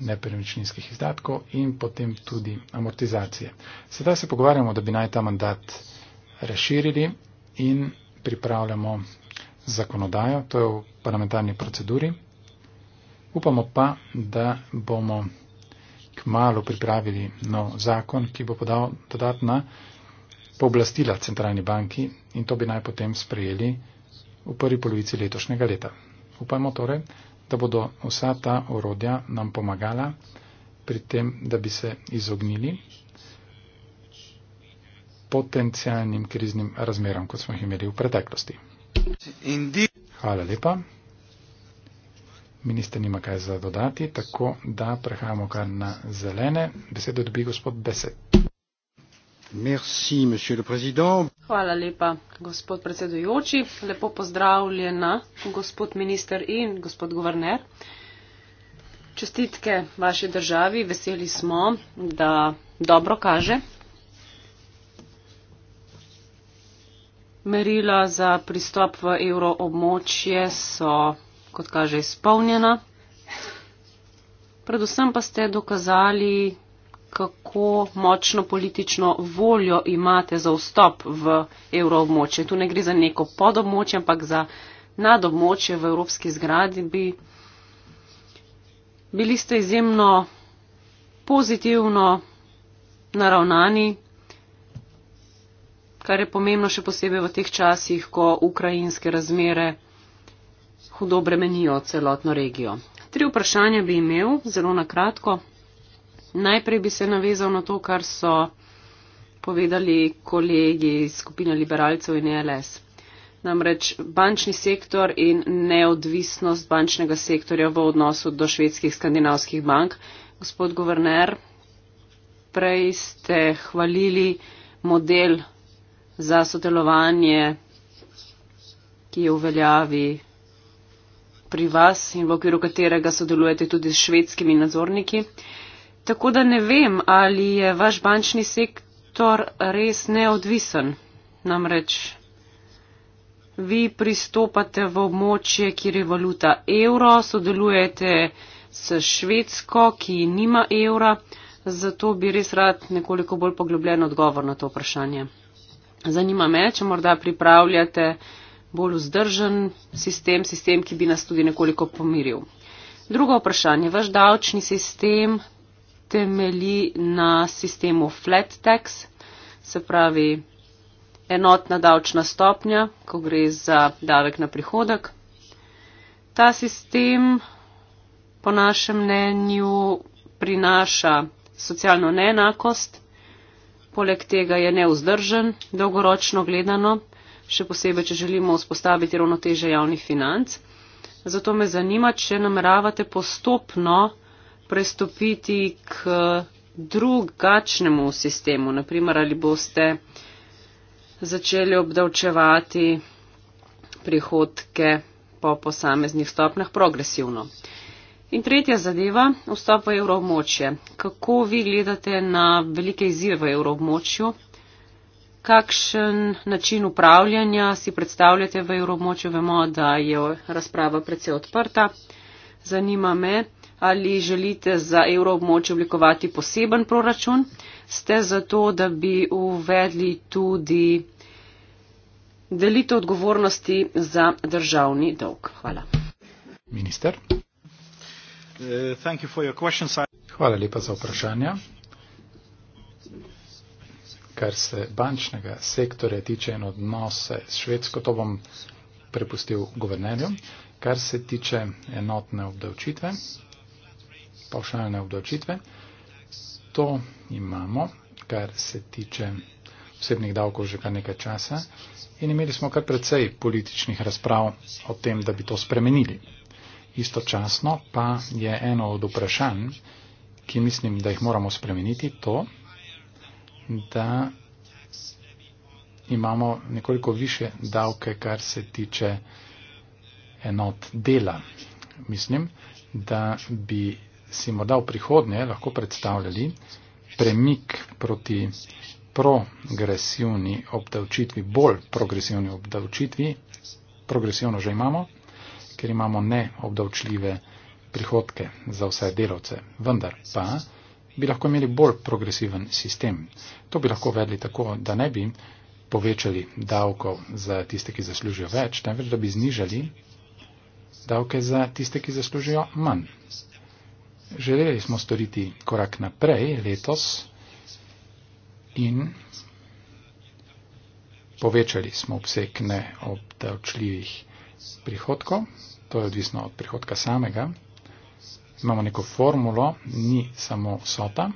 nepremičninskih izdatkov in potem tudi amortizacije. Sedaj se pogovarjamo, da bi naj ta mandat razširili in pripravljamo zakonodajo, to je v parlamentarni proceduri. Upamo pa, da bomo kmalo pripravili nov zakon, ki bo podal dodatna pooblastila centralni banki in to bi naj potem sprejeli v prvi polovici letošnjega leta. Upajmo torej, da bodo vsa ta orodja nam pomagala pri tem, da bi se izognili potencijalnim kriznim razmeram, kot smo jih imeli v preteklosti. Hvala lepa. Minister nima kaj za dodati, tako da prehajamo kar na zelene. Besedo dobi gospod Beset. Monsieur le Président. Hvala lepa, gospod predsedujoči. Lepo pozdravljena, gospod minister in gospod guverner. Čestitke vaši državi, veseli smo, da dobro kaže. Merila za pristop v evroobmočje so, kot kaže, izpolnjena. Predvsem pa ste dokazali kako močno politično voljo imate za vstop v evroobmočje. Tu ne gre za neko podobmočje, ampak za nadobmočje v evropski zgradi. Bi bili ste izjemno pozitivno naravnani, kar je pomembno še posebej v teh časih, ko ukrajinske razmere hudo bremenijo celotno regijo. Tri vprašanja bi imel, zelo na kratko. Najprej bi se navezal na to, kar so povedali kolegi iz skupine liberalcev in ELS. Namreč bančni sektor in neodvisnost bančnega sektorja v odnosu do švedskih skandinavskih bank. Gospod guverner, prej ste hvalili model za sodelovanje, ki je v veljavi pri vas in v okviru katerega sodelujete tudi s švedskimi nadzorniki. Uh, Tako da ne vem, ali je vaš bančni sektor res neodvisen. Namreč vi pristopate v območje, kjer je valuta evro, sodelujete s Švedsko, ki nima evra, zato bi res rad nekoliko bolj poglobljen odgovor na to vprašanje. Zanima me, če morda pripravljate bolj vzdržen sistem, sistem, ki bi nas tudi nekoliko pomiril. Drugo vprašanje. Vaš davčni sistem temelji na sistemu flat tax, se pravi enotna davčna stopnja, ko gre za davek na prihodek. Ta sistem po našem mnenju prinaša socialno neenakost, poleg tega je neuzdržen dolgoročno gledano, še posebej, če želimo vzpostaviti ravnoteže javnih financ. Zato me zanima, če nameravate postopno prestopiti k drugačnemu sistemu? Naprimer, ali boste začeli obdavčevati prihodke po posameznih stopnjah progresivno? In tretja zadeva, vstop v evroobmočje. Kako vi gledate na velike izzive v evroobmočju? Kakšen način upravljanja si predstavljate v evroobmočju? Vemo, da je razprava predvsej odprta. Zanima me, ali želite za evroobmočje oblikovati poseben proračun, ste za to, da bi uvedli tudi delitev odgovornosti za državni dolg. Hvala. Minister. Uh, Hvala lepa za vprašanja. Kar se bančnega sektorja tiče in odnose s Švedsko, to bom prepustil guvernerju. Kar se tiče enotne obdavčitve, pavšalne obdočitve. To imamo, kar se tiče vsebnih davkov že kar nekaj časa in imeli smo kar precej političnih razprav o tem, da bi to spremenili. Istočasno pa je eno od vprašanj, ki mislim, da jih moramo spremeniti, to, da imamo nekoliko više davke, kar se tiče enot dela. Mislim, da bi si morda v prihodnje lahko predstavljali premik proti progresivni obdavčitvi, bolj progresivni obdavčitvi, progresivno že imamo, ker imamo neobdavčljive prihodke za vse delavce, vendar pa bi lahko imeli bolj progresiven sistem. To bi lahko vedli tako, da ne bi povečali davkov za tiste, ki zaslužijo več, temveč da bi znižali davke za tiste, ki zaslužijo manj. Želeli smo storiti korak naprej letos in povečali smo obseg neobdavčljivih prihodkov, to je odvisno od prihodka samega. Imamo neko formulo, ni samo sota.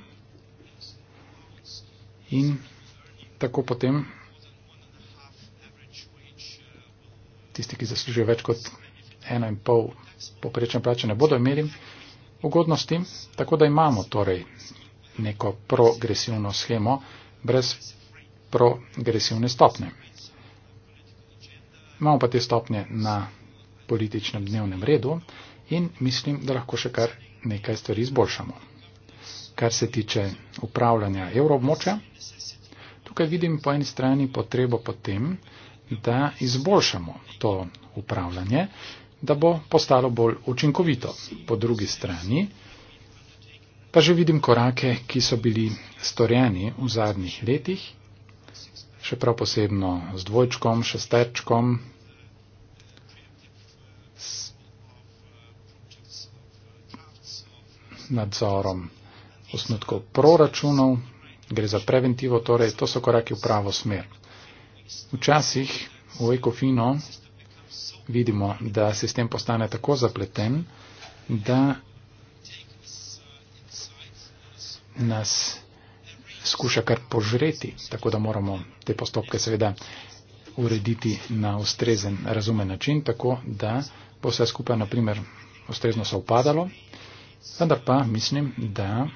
In tako potem tisti, ki zaslužijo več kot 1,5 poprečne plače, ne bodo imeli ugodnosti, tako da imamo torej neko progresivno schemo brez progresivne stopnje. Imamo pa te stopnje na političnem dnevnem redu in mislim, da lahko še kar nekaj stvari izboljšamo. Kar se tiče upravljanja evroobmočja, tukaj vidim po eni strani potrebo potem, da izboljšamo to upravljanje da bo postalo bolj učinkovito. Po drugi strani pa že vidim korake, ki so bili storjeni v zadnjih letih, še prav posebno z dvojčkom, šesterčkom. nadzorom osnutkov proračunov, gre za preventivo, torej to so koraki v pravo smer. Včasih v Ekofino vidimo, da sistem postane tako zapleten, da nas skuša kar požreti, tako da moramo te postopke seveda urediti na ustrezen, razumen način, tako da bo vse skupaj, naprimer, ustrezno sovpadalo, vendar pa mislim, da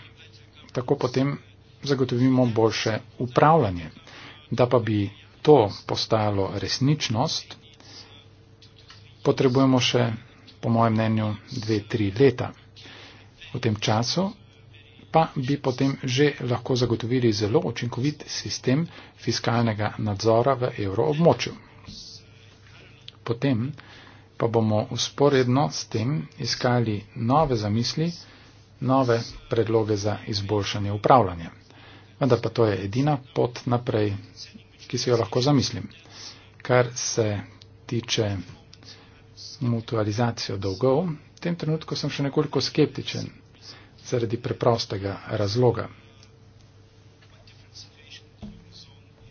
tako potem zagotovimo boljše upravljanje. Da pa bi to postalo resničnost, potrebujemo še, po mojem mnenju, dve, tri leta. V tem času pa bi potem že lahko zagotovili zelo učinkovit sistem fiskalnega nadzora v evroobmočju. Potem pa bomo usporedno s tem iskali nove zamisli, nove predloge za izboljšanje upravljanja. Vendar pa to je edina pot naprej, ki se jo lahko zamislim. Kar se tiče mutualizacijo dolgov, v tem trenutku sem še nekoliko skeptičen zaradi preprostega razloga.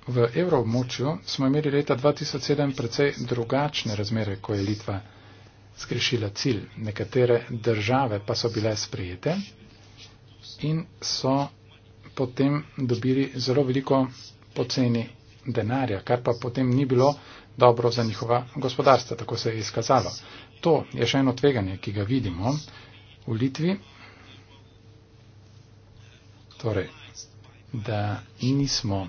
V evroobmočju smo imeli leta 2007 precej drugačne razmere, ko je Litva skrešila cilj. Nekatere države pa so bile sprejete in so potem dobili zelo veliko poceni denarja, kar pa potem ni bilo dobro za njihova gospodarstva, tako se je izkazalo. To je še eno tveganje, ki ga vidimo v Litvi, torej, da nismo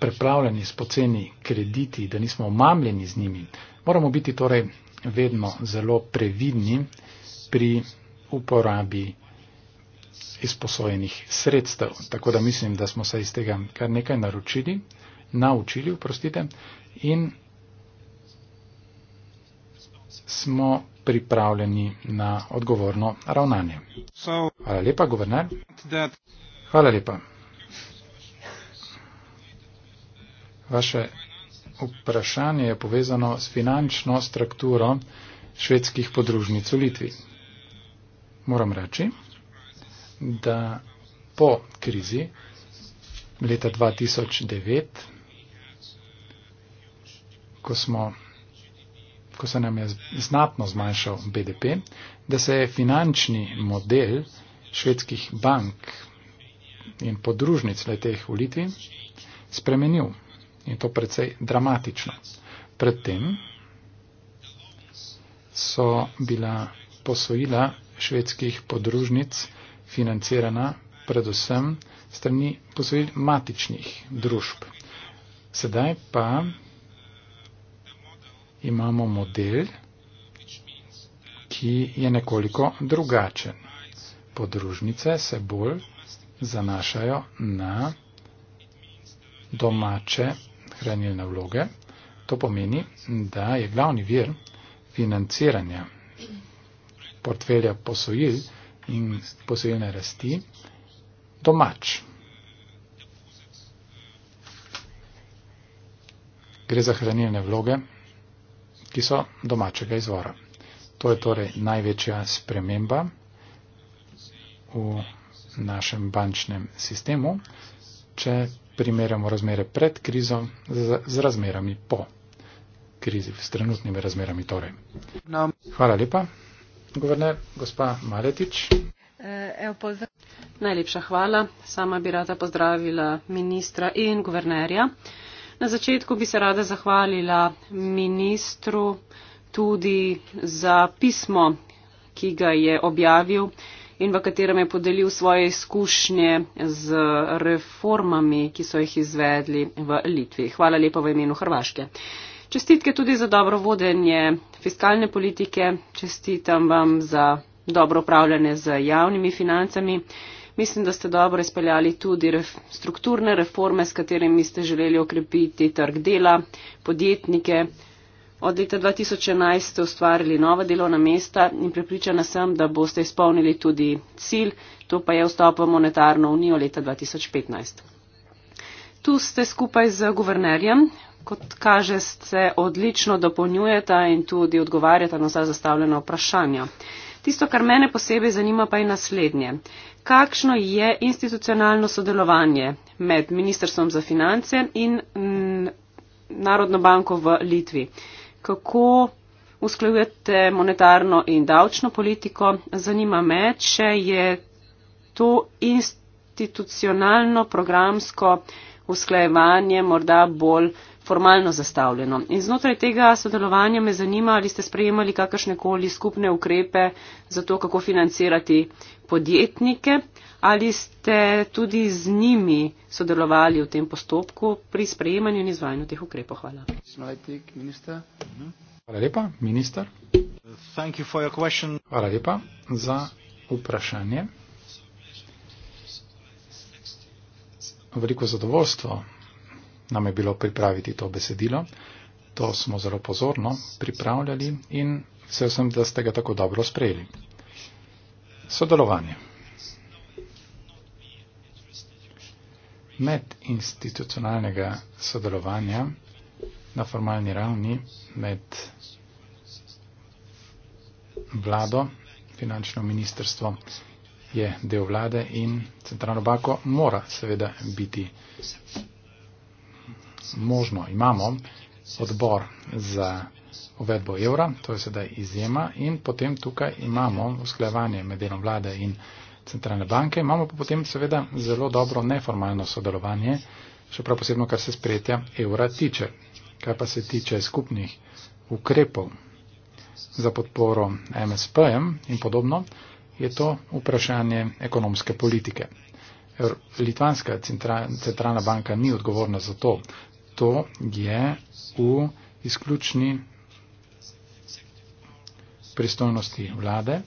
prepravljeni s poceni krediti, da nismo omamljeni z njimi. Moramo biti torej vedno zelo previdni pri uporabi izposojenih sredstev. Tako da mislim, da smo se iz tega kar nekaj naročili naučili, oprostite, in smo pripravljeni na odgovorno ravnanje. Hvala lepa, guverner. Hvala lepa. Vaše vprašanje je povezano s finančno strukturo švedskih podružnic v Litvi. Moram reči, da po krizi leta 2009 ko, smo, ko se nam je znatno zmanjšal BDP, da se je finančni model švedskih bank in podružnic leteh v Litvi spremenil in to precej dramatično. Predtem so bila posojila švedskih podružnic financirana predvsem strani posojil matičnih družb. Sedaj pa imamo model, ki je nekoliko drugačen. Podružnice se bolj zanašajo na domače hranilne vloge. To pomeni, da je glavni vir financiranja portfelja posojil in posojilne rasti domač. Gre za hranilne vloge ki so domačega izvora. To je torej največja sprememba v našem bančnem sistemu, če primerjamo razmere pred krizo z, z razmerami po krizi, s trenutnimi razmerami torej. Hvala lepa, guverner, gospa Maletič. E, Najlepša hvala. Sama bi rada pozdravila ministra in guvernerja. Na začetku bi se rada zahvalila ministru tudi za pismo, ki ga je objavil in v katerem je podelil svoje izkušnje z reformami, ki so jih izvedli v Litvi. Hvala lepa v imenu Hrvaške. Čestitke tudi za dobro vodenje fiskalne politike. Čestitam vam za dobro upravljanje z javnimi financami. Mislim, da ste dobro izpeljali tudi ref, strukturne reforme, s katerimi ste želeli okrepiti trg dela, podjetnike. Od leta 2011 ste ustvarili nova delovna mesta in prepričana sem, da boste izpolnili tudi cilj, to pa je vstop v monetarno unijo leta 2015. Tu ste skupaj z guvernerjem, kot kaže, se odlično dopolnjujete in tudi odgovarjate na vsa zastavljena vprašanja. Tisto, kar mene posebej zanima, pa je naslednje. Kakšno je institucionalno sodelovanje med Ministrstvom za finance in mm, Narodno banko v Litvi? Kako usklajujete monetarno in davčno politiko? Zanima me, če je to institucionalno programsko usklajevanje morda bolj formalno zastavljeno. In znotraj tega sodelovanja me zanima, ali ste sprejemali kakršne koli skupne ukrepe za to, kako financirati podjetnike, ali ste tudi z njimi sodelovali v tem postopku pri sprejemanju in izvajanju teh ukrepov. Hvala. Hvala lepa, minister. Hvala lepa za vprašanje. Veliko zadovoljstvo nam je bilo pripraviti to besedilo. To smo zelo pozorno pripravljali in se vsem, da ste ga tako dobro sprejeli. Sodelovanje. Med institucionalnega sodelovanja na formalni ravni med vlado, finančno ministrstvo je del vlade in centralno banko mora seveda biti možno imamo odbor za uvedbo evra, to je sedaj izjema in potem tukaj imamo usklajevanje med delom vlade in centralne banke, imamo pa potem seveda zelo dobro neformalno sodelovanje, še prav posebno, kar se sprejetja evra tiče. Kaj pa se tiče skupnih ukrepov za podporo MSP-jem in podobno, je to vprašanje ekonomske politike. Litvanska centralna banka ni odgovorna za to, to je v izključni pristojnosti vlade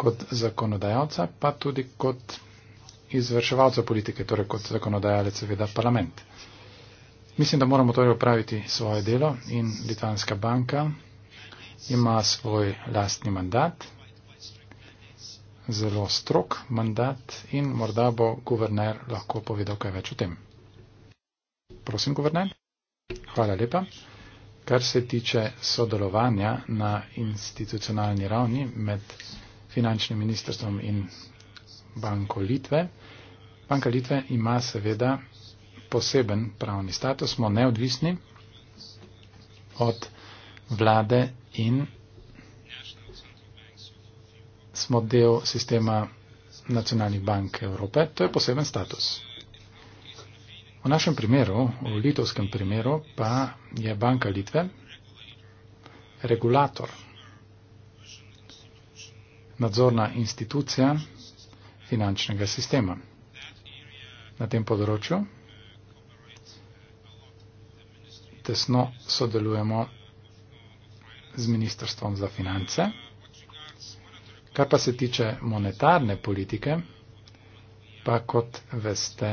kot zakonodajalca, pa tudi kot izvrševalca politike, torej kot zakonodajalec, seveda parlament. Mislim, da moramo torej opraviti svoje delo in Litvanska banka ima svoj lastni mandat, zelo strok mandat in morda bo guverner lahko povedal kaj več o tem. Prosim, guverner. Hvala lepa. Kar se tiče sodelovanja na institucionalni ravni med finančnim ministrstvom in Banko Litve, Banka Litve ima seveda poseben pravni status, smo neodvisni od vlade in smo del sistema nacionalnih bank Evrope. To je poseben status. V našem primeru, v litovskem primeru, pa je Banka Litve regulator, nadzorna institucija finančnega sistema. Na tem področju tesno sodelujemo z Ministrstvom za finance. Kar pa se tiče monetarne politike, pa kot veste,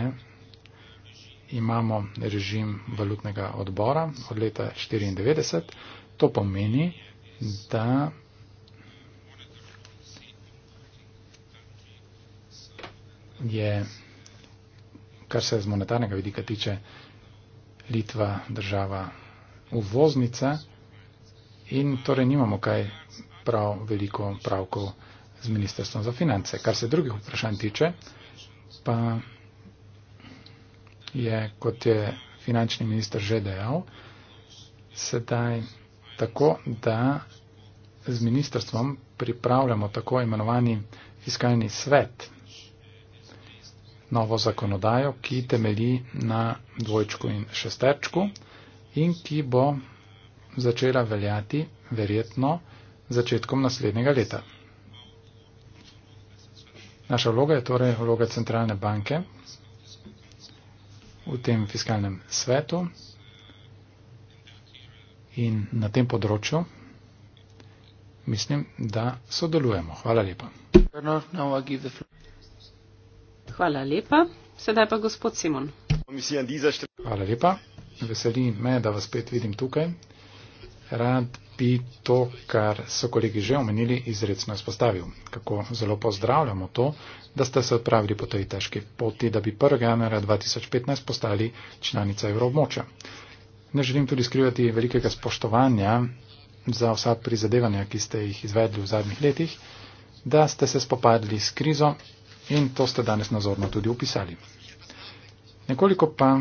imamo režim valutnega odbora od leta 1994. To pomeni, da je, kar se z monetarnega vidika tiče, Litva država uvoznica in torej nimamo kaj prav veliko pravkov z Ministrstvom za finance. Kar se drugih vprašanj tiče, pa je, kot je finančni minister že dejal, sedaj tako, da z ministrstvom pripravljamo tako imenovani fiskalni svet, novo zakonodajo, ki temelji na dvojčku in šesterčku in ki bo začela veljati verjetno začetkom naslednjega leta. Naša vloga je torej vloga centralne banke, v tem fiskalnem svetu in na tem področju mislim, da sodelujemo. Hvala lepa. Hvala lepa. Sedaj pa gospod Simon. Hvala lepa. Veseli me, da vas spet vidim tukaj. Rad bi to, kar so kolegi že omenili, izredno izpostavil. Kako zelo pozdravljamo to, da ste se odpravili po tej težki poti, da bi 1. januarja 2015 postali članica evroobmoča. Ne želim tudi skrivati velikega spoštovanja za vsa prizadevanja, ki ste jih izvedli v zadnjih letih, da ste se spopadli s krizo in to ste danes nazorno tudi upisali. Nekoliko pa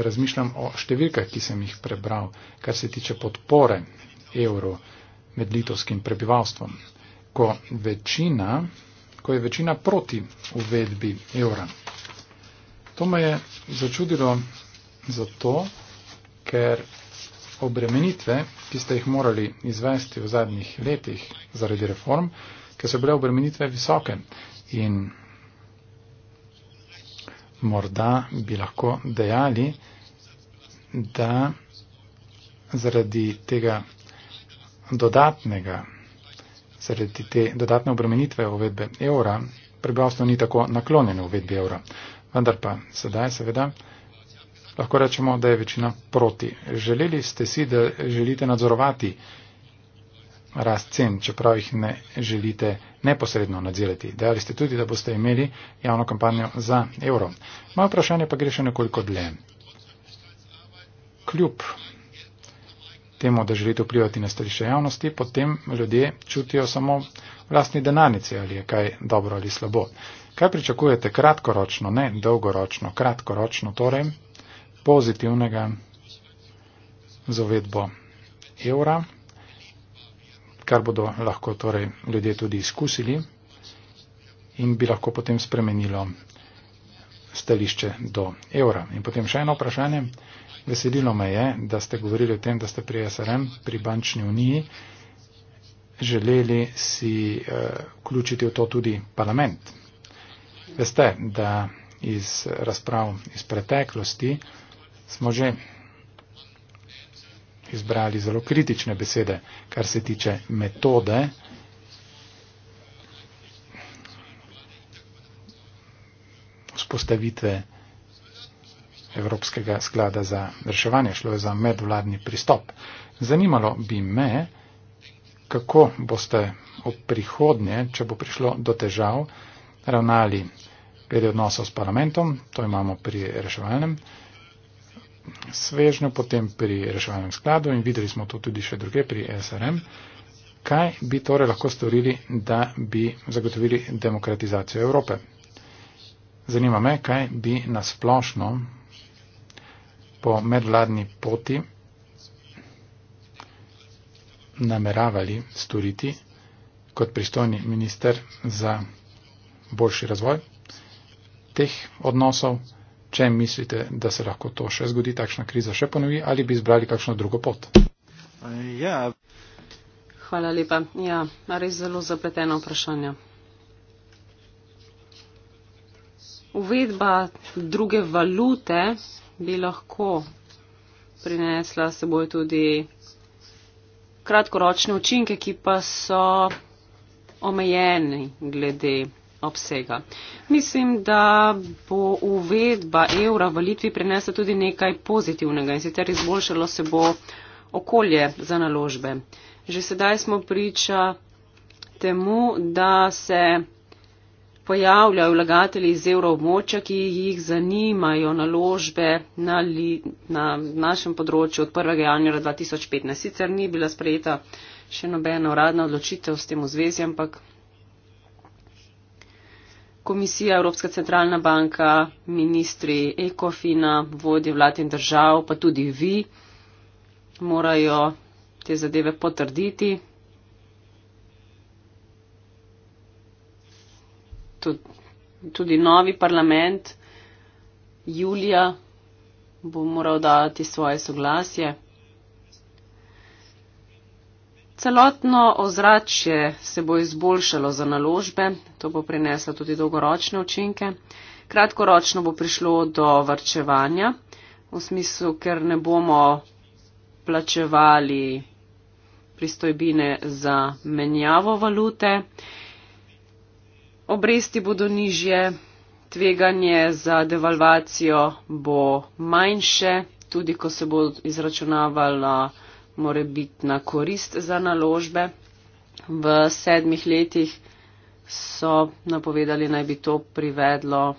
razmišljam o številkah, ki sem jih prebral, kar se tiče podpore evru med litovskim prebivalstvom, ko, večina, ko je večina proti uvedbi evra. To me je začudilo zato, ker obremenitve, ki ste jih morali izvesti v zadnjih letih zaradi reform, ker so bile obremenitve visoke in morda bi lahko dejali, da zaradi tega dodatnega, zaradi te dodatne obremenitve uvedbe evra, prebivalstvo ni tako naklonjeno uvedbi evra. Vendar pa sedaj seveda lahko rečemo, da je večina proti. Želeli ste si, da želite nadzorovati rast cen, čeprav jih ne želite neposredno nadzirati. Dejali ste tudi, da boste imeli javno kampanjo za evro. Moje vprašanje pa gre še nekoliko dlje. Kljub temu, da želite vplivati na stališče javnosti, potem ljudje čutijo samo vlastni denarnici, ali je kaj dobro ali slabo. Kaj pričakujete kratkoročno, ne dolgoročno, kratkoročno torej pozitivnega z uvedbo evra? kar bodo lahko torej ljudje tudi izkusili in bi lahko potem spremenilo stališče do evra. In potem še eno vprašanje. Veselilo me je, da ste govorili o tem, da ste pri SRM, pri bančni uniji, želeli si eh, vključiti v to tudi parlament. Veste, da iz razprav iz preteklosti smo že izbrali zelo kritične besede, kar se tiče metode. Vzpostavitve Evropskega sklada za reševanje, šlo je za medvladni pristop. Zanimalo bi me, kako boste v prihodnje, če bo prišlo do težav, ravnali glede odnosov s parlamentom, to imamo pri reševalnem svežnju, potem pri reševalnem skladu in videli smo to tudi še druge pri SRM. Kaj bi torej lahko storili, da bi zagotovili demokratizacijo Evrope? Zanima me, kaj bi nasplošno po medvladni poti nameravali storiti kot pristojni minister za boljši razvoj teh odnosov če mislite, da se lahko to še zgodi, takšna kriza še ponovi, ali bi izbrali kakšno drugo pot? Ja. Hvala lepa. Ja, res zelo zapleteno vprašanje. Uvedba druge valute bi lahko prinesla seboj tudi kratkoročne učinke, ki pa so omejeni glede obsega. Mislim, da bo uvedba evra v Litvi prinesla tudi nekaj pozitivnega in sicer izboljšalo se bo okolje za naložbe. Že sedaj smo priča temu, da se pojavljajo vlagatelji iz evroobmočja, ki jih zanimajo naložbe na, li, na našem področju od 1. januara 2015. Sicer ni bila sprejeta še nobena uradna odločitev s tem v zvezi, ampak komisija, Evropska centralna banka, ministri ECOFIN-a, vodje vlad in držav, pa tudi vi morajo te zadeve potrditi. Tudi, tudi novi parlament julija bo moral dati svoje soglasje. Celotno ozračje se bo izboljšalo za naložbe, to bo prineslo tudi dolgoročne učinke. Kratkoročno bo prišlo do varčevanja, v smislu, ker ne bomo plačevali pristojbine za menjavo valute. Obresti bodo nižje, tveganje za devalvacijo bo manjše, tudi ko se bo izračunavala more biti na korist za naložbe. V sedmih letih so napovedali, naj bi to privedlo,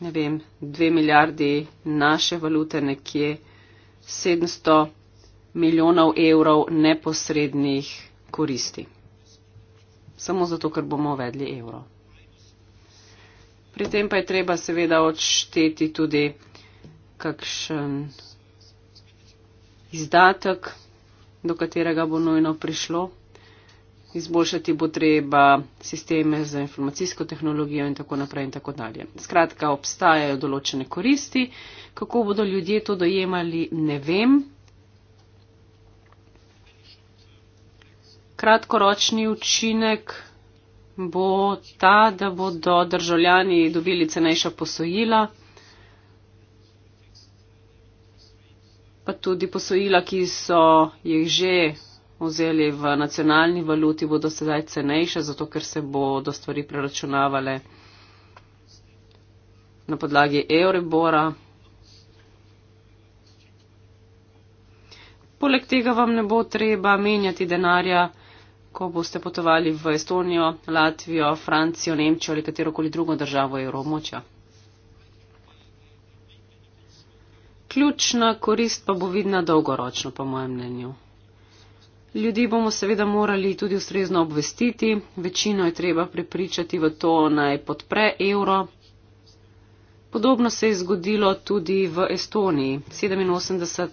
ne vem, dve milijardi naše valute, nekje 700 milijonov evrov neposrednih koristi. Samo zato, ker bomo uvedli evro. Pri tem pa je treba seveda odšteti tudi kakšen izdatek, do katerega bo nujno prišlo. Izboljšati bo treba sisteme za informacijsko tehnologijo in tako naprej in tako dalje. Skratka, obstajajo določene koristi. Kako bodo ljudje to dojemali, ne vem. Kratkoročni učinek bo ta, da bodo državljani dobili cenejša posojila. pa tudi posojila, ki so jih že vzeli v nacionalni valuti, bodo sedaj cenejše, zato ker se bodo stvari preračunavale na podlagi Euribora. Poleg tega vam ne bo treba menjati denarja, ko boste potovali v Estonijo, Latvijo, Francijo, Nemčijo ali katerokoli drugo državo evromoča. ključna korist pa bo vidna dolgoročno, po mojem mnenju. Ljudi bomo seveda morali tudi ustrezno obvestiti, večino je treba prepričati v to naj podpre evro. Podobno se je zgodilo tudi v Estoniji. 87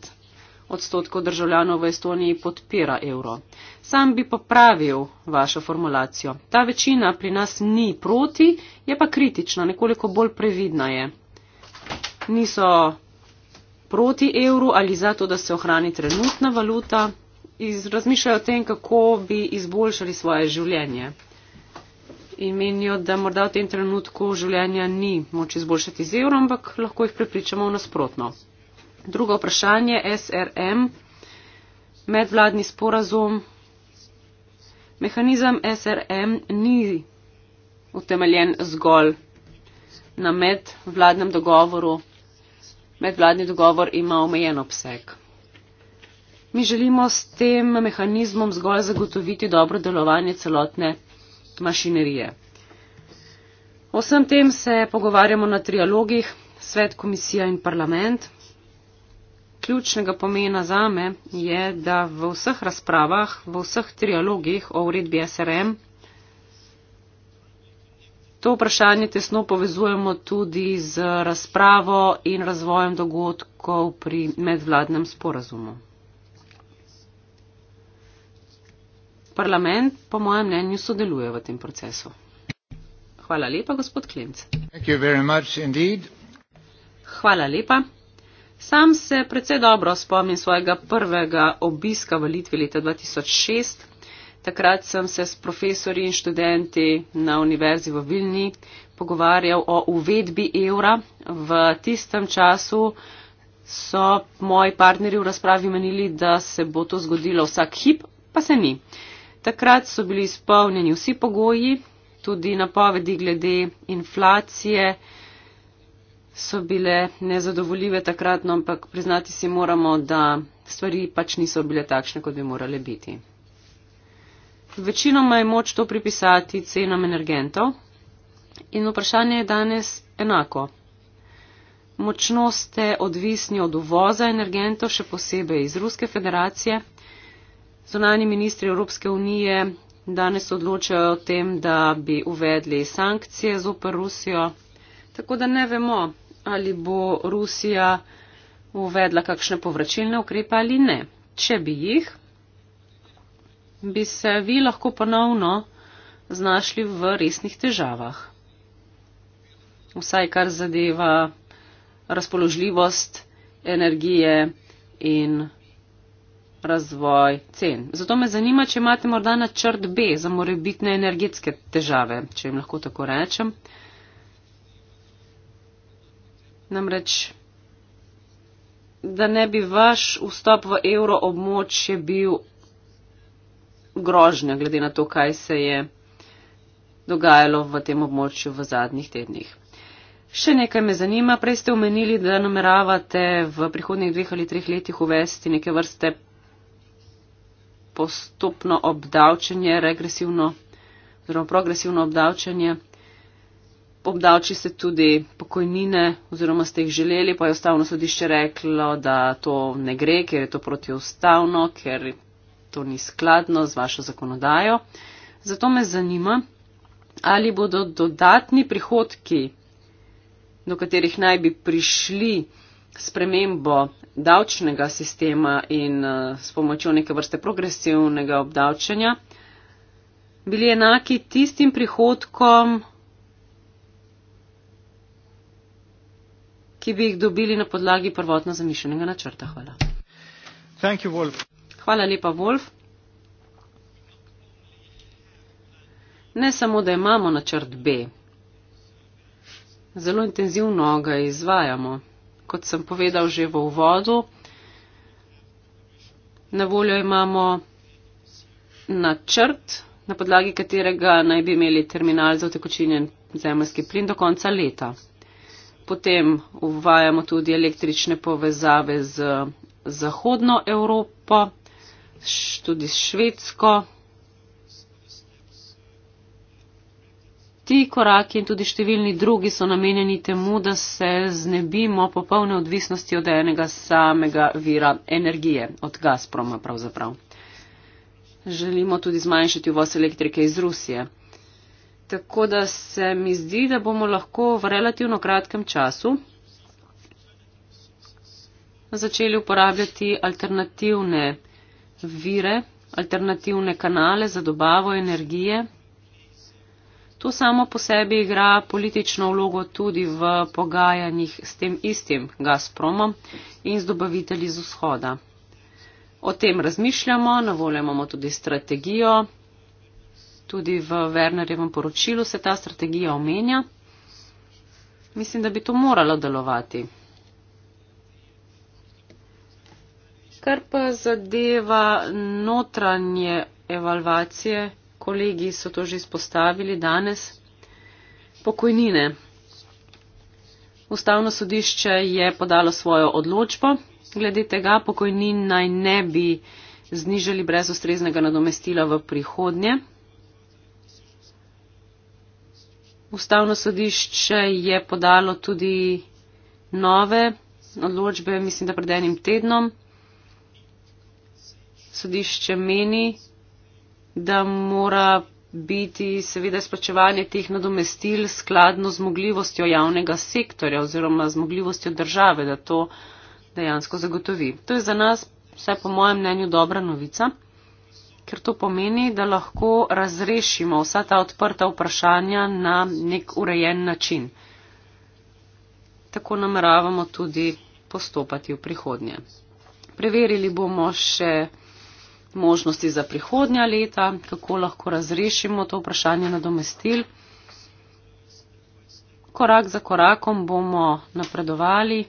odstotkov državljanov v Estoniji podpira evro. Sam bi popravil vašo formulacijo. Ta večina pri nas ni proti, je pa kritična, nekoliko bolj previdna je. Niso proti evru ali zato, da se ohrani trenutna valuta, razmišljajo o tem, kako bi izboljšali svoje življenje. In menijo, da morda v tem trenutku življenja ni moč izboljšati z evrom, ampak lahko jih prepričamo v nasprotno. Drugo vprašanje, SRM, medvladni sporazum. Mehanizem SRM ni utemeljen zgolj na medvladnem dogovoru medvladni dogovor ima omejen obseg. Mi želimo s tem mehanizmom zgolj zagotoviti dobro delovanje celotne mašinerije. O vsem tem se pogovarjamo na trialogih svet, komisija in parlament. Ključnega pomena zame je, da v vseh razpravah, v vseh trialogih o uredbi SRM To vprašanje tesno povezujemo tudi z razpravo in razvojem dogodkov pri medvladnem sporazumu. Parlament, po mojem mnenju, sodeluje v tem procesu. Hvala lepa, gospod Klenc. Hvala lepa. Sam se precej dobro spomnim svojega prvega obiska v Litvi leta 2006. Takrat sem se s profesori in študenti na univerzi v Vilni pogovarjal o uvedbi evra. V tistem času so moji partnerji v razpravi menili, da se bo to zgodilo vsak hip, pa se ni. Takrat so bili izpolnjeni vsi pogoji, tudi napovedi glede inflacije so bile nezadovoljive takratno, ampak priznati si moramo, da stvari pač niso bile takšne, kot bi morale biti. Večinoma je moč to pripisati cenam energentov in vprašanje je danes enako. Močno ste odvisni od uvoza energentov, še posebej iz Ruske federacije. Zunani ministri Evropske unije danes odločajo o tem, da bi uvedli sankcije zoper Rusijo, tako da ne vemo, ali bo Rusija uvedla kakšne povračilne ukrepe ali ne. Če bi jih, bi se vi lahko ponovno znašli v resnih težavah. Vsaj kar zadeva razpoložljivost energije in razvoj cen. Zato me zanima, če imate morda načrt B za morebitne energetske težave, če jim lahko tako rečem. Namreč, da ne bi vaš vstop v evroobmočje bil grožnja, glede na to, kaj se je dogajalo v tem območju v zadnjih tednih. Še nekaj me zanima. Prej ste omenili, da nameravate v prihodnjih dveh ali treh letih uvesti neke vrste postopno obdavčenje, regresivno oziroma progresivno obdavčenje. Obdavči se tudi pokojnine oziroma ste jih želeli, pa je ustavno sodišče reklo, da to ne gre, ker je to protiustavno, ker to ni skladno z vašo zakonodajo. Zato me zanima, ali bodo dodatni prihodki, do katerih naj bi prišli spremembo davčnega sistema in eh, s pomočjo neke vrste progresivnega obdavčanja, bili enaki tistim prihodkom, ki bi jih dobili na podlagi prvotno zamišljenega načrta. Hvala. Thank you, Wolf. Hvala lepa, Wolf. Ne samo, da imamo načrt B, zelo intenzivno ga izvajamo. Kot sem povedal že v uvodu, na voljo imamo načrt, na podlagi katerega naj bi imeli terminal za utekočinjen zemljski plin do konca leta. Potem uvajamo tudi električne povezave z zahodno Evropo, tudi s Švedsko. Ti koraki in tudi številni drugi so namenjeni temu, da se znebimo popolne odvisnosti od enega samega vira energije, od Gazproma pravzaprav. Želimo tudi zmanjšati uvoz elektrike iz Rusije. Tako da se mi zdi, da bomo lahko v relativno kratkem času začeli uporabljati alternativne energije vire, alternativne kanale za dobavo energije. To samo po sebi igra politično vlogo tudi v pogajanjih s tem istim Gazpromom in z dobavitelji z vzhoda. O tem razmišljamo, na voljo imamo tudi strategijo, tudi v Wernerjevem poročilu se ta strategija omenja. Mislim, da bi to moralo delovati. Kar pa zadeva notranje evalvacije, kolegi so to že izpostavili danes, pokojnine. Ustavno sodišče je podalo svojo odločbo, glede tega pokojnin naj ne bi znižali brez ustreznega nadomestila v prihodnje. Ustavno sodišče je podalo tudi nove odločbe, mislim, da pred enim tednom sodišče meni, da mora biti seveda izplačevanje teh nadomestil skladno zmogljivostjo javnega sektorja oziroma zmogljivostjo države, da to dejansko zagotovi. To je za nas, vsaj po mojem mnenju, dobra novica, ker to pomeni, da lahko razrešimo vsa ta odprta vprašanja na nek urejen način. Tako nameravamo tudi postopati v prihodnje. Preverili bomo še možnosti za prihodnja leta, kako lahko razrešimo to vprašanje nadomestil. Korak za korakom bomo napredovali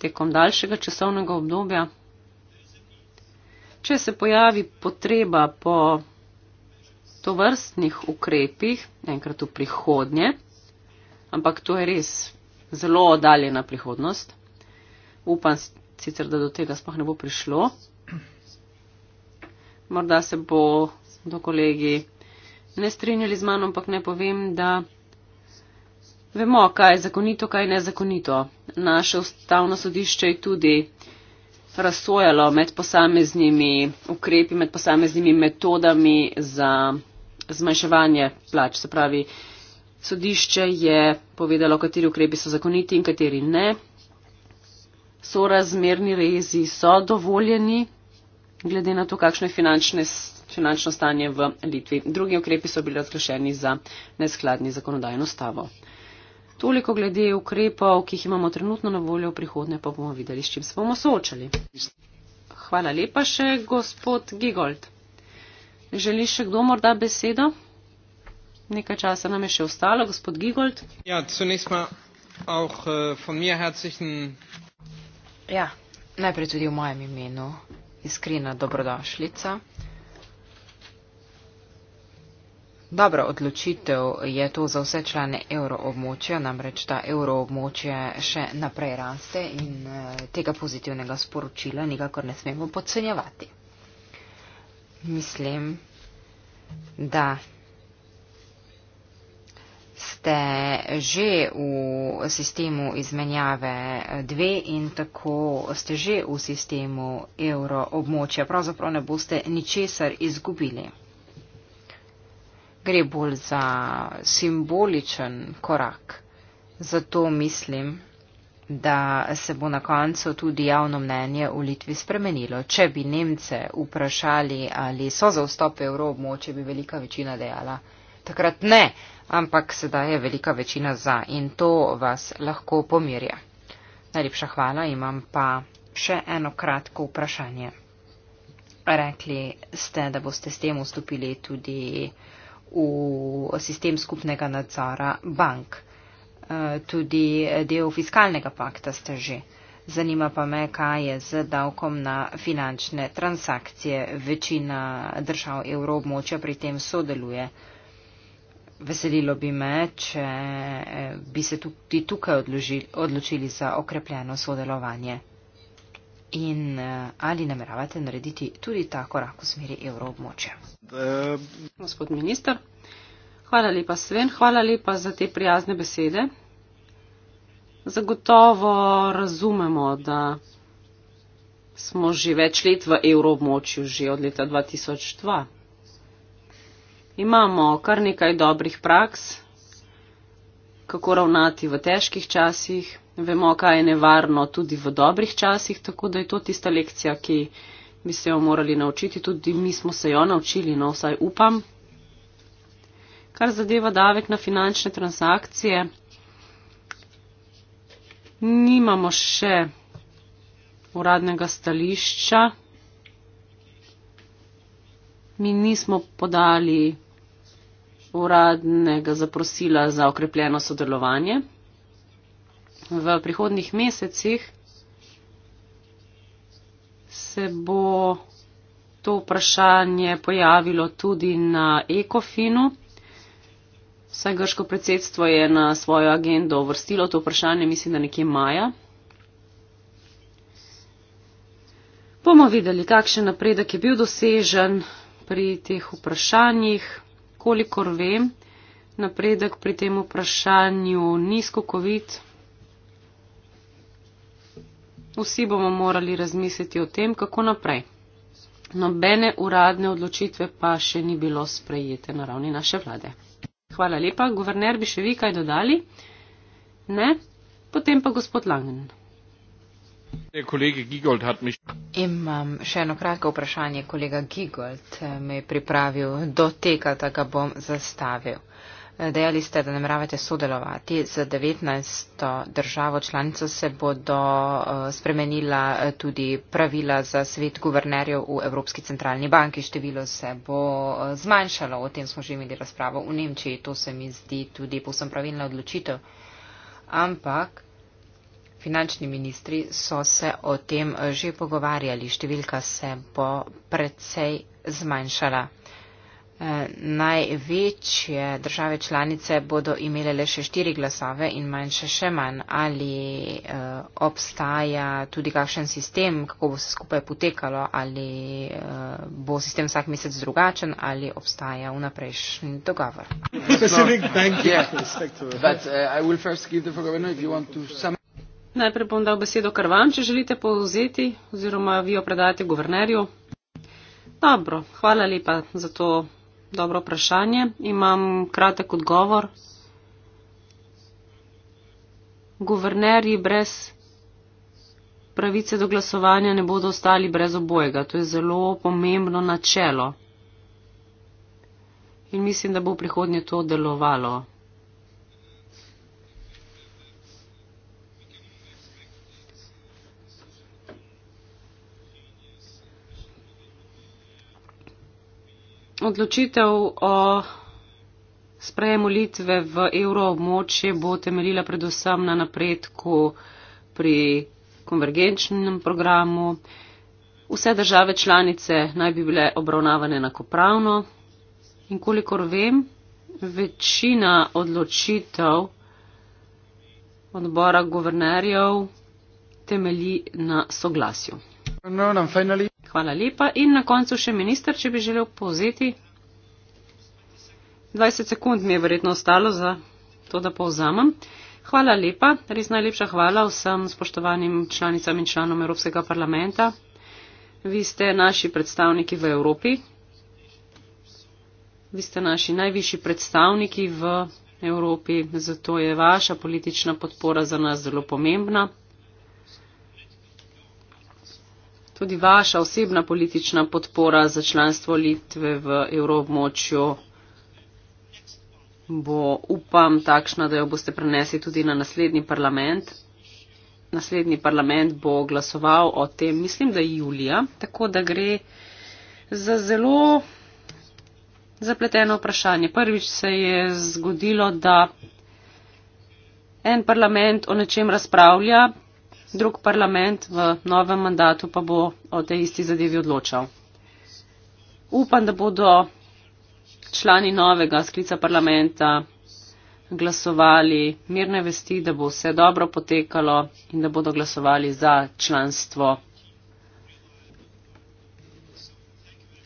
tekom daljšega časovnega obdobja. Če se pojavi potreba po tovrstnih ukrepih, enkrat v prihodnje, ampak to je res zelo oddaljena prihodnost, upam sicer, da do tega sploh ne bo prišlo, morda se bo do kolegi ne strinjali z mano, ampak ne povem, da vemo, kaj je zakonito, kaj je nezakonito. Naše ustavno sodišče je tudi razsojalo med posameznimi ukrepi, med posameznimi metodami za zmanjševanje plač. Se pravi, sodišče je povedalo, kateri ukrepi so zakoniti in kateri ne. So razmerni rezi, so dovoljeni, glede na to, kakšno je finančno stanje v Litvi. Drugi ukrepi so bili razglašeni za neskladni zakonodajno stavo. Toliko glede ukrepov, ki jih imamo trenutno na voljo, v prihodnje pa bomo videli, s čim se bomo soočali. Hvala lepa še, gospod Gigold. Želi še kdo morda besedo? Nekaj časa nam je še ostalo, gospod Gigold. Ja, auch, uh, von mir herzlichen... ja najprej tudi v mojem imenu iskrena dobrodošljica. Dobra odločitev je to za vse člane evroobmočja, namreč ta evroobmočje še naprej raste in eh, tega pozitivnega sporočila nikakor ne smemo podcenjevati. Mislim, da ste že v sistemu izmenjave 2 in tako ste že v sistemu evro območja. Pravzaprav ne boste ničesar izgubili. Gre bolj za simboličen korak. Zato mislim, da se bo na koncu tudi javno mnenje v Litvi spremenilo. Če bi Nemce vprašali, ali so za vstop v evro območje, bi velika večina dejala takrat ne, ampak sedaj je velika večina za in to vas lahko pomirja. Najlepša hvala, imam pa še eno kratko vprašanje. Rekli ste, da boste s tem vstopili tudi v sistem skupnega nadzora bank. E, tudi del fiskalnega pakta ste že. Zanima pa me, kaj je z davkom na finančne transakcije. Večina držav evrobmočja pri tem sodeluje veselilo bi me, če eh, bi se tudi tukaj odložili, odločili za okrepljeno sodelovanje. In eh, ali nameravate narediti tudi ta korak v smeri evroobmočja? Gospod minister, hvala lepa Sven, hvala lepa za te prijazne besede. Zagotovo razumemo, da smo že več let v evroobmočju, že od leta 2002 imamo kar nekaj dobrih praks, kako ravnati v težkih časih, vemo, kaj je nevarno tudi v dobrih časih, tako da je to tista lekcija, ki bi se jo morali naučiti, tudi mi smo se jo naučili, no vsaj upam. Kar zadeva davek na finančne transakcije, nimamo še uradnega stališča. Mi nismo podali uradnega zaprosila za okrepljeno sodelovanje. V prihodnih mesecih se bo to vprašanje pojavilo tudi na ECOFINU. Vse grško predsedstvo je na svojo agendo vrstilo to vprašanje, mislim, da nekje maja. Bomo videli, kakšen napredek je bil dosežen pri teh vprašanjih kolikor vem, napredek pri tem vprašanju ni skokovit. Vsi bomo morali razmisliti o tem, kako naprej. Nobene uradne odločitve pa še ni bilo sprejete na ravni naše vlade. Hvala lepa. Guverner bi še vi kaj dodali? Ne? Potem pa gospod Langen. Imam še eno kratko vprašanje. Kolega Gigold eh, me je pripravil do tega, da ga bom zastavil. Eh, dejali ste, da nameravate sodelovati z 19 državo članico, se bodo eh, spremenila tudi pravila za svet guvernerjev v Evropski centralni banki. Število se bo zmanjšalo, o tem smo že imeli razpravo v Nemčiji, to se mi zdi tudi povsem pravilna odločitev. Ampak Finančni ministri so se o tem že pogovarjali, številka se bo precej zmanjšala. Eh, največje države članice bodo imele le še štiri glasove in manjše še manj. Ali uh, obstaja tudi kakšen sistem, kako bo se skupaj potekalo, ali uh, bo sistem vsak mesec drugačen, ali obstaja vnaprejšnji dogovor. Najprej bom dal besedo kar vam, če želite povzeti oziroma vi jo predati guvernerju. Dobro, hvala lepa za to dobro vprašanje. Imam kratek odgovor. Guvernerji brez pravice do glasovanja ne bodo ostali brez obojega. To je zelo pomembno načelo. In mislim, da bo v prihodnje to delovalo. odločitev o sprejemu Litve v evroobmočje bo temeljila predvsem na napredku pri konvergenčnem programu. Vse države članice naj bi bile obravnavane enakopravno in kolikor vem, večina odločitev odbora guvernerjev temelji na soglasju. No, no, Hvala lepa. In na koncu še minister, če bi želel povzeti. 20 sekund mi je verjetno ostalo za to, da povzamem. Hvala lepa. Res najlepša hvala vsem spoštovanim članicam in članom Evropskega parlamenta. Vi ste naši predstavniki v Evropi. Vi ste naši najvišji predstavniki v Evropi, zato je vaša politična podpora za nas zelo pomembna. tudi vaša osebna politična podpora za članstvo Litve v evroobmočju bo, upam, takšna, da jo boste prenesli tudi na naslednji parlament. Naslednji parlament bo glasoval o tem, mislim, da julija, tako da gre za zelo zapleteno vprašanje. Prvič se je zgodilo, da en parlament o nečem razpravlja, drug parlament v novem mandatu pa bo o tej isti zadevi odločal. Upam, da bodo člani novega sklica parlamenta glasovali mirne vesti, da bo vse dobro potekalo in da bodo glasovali za članstvo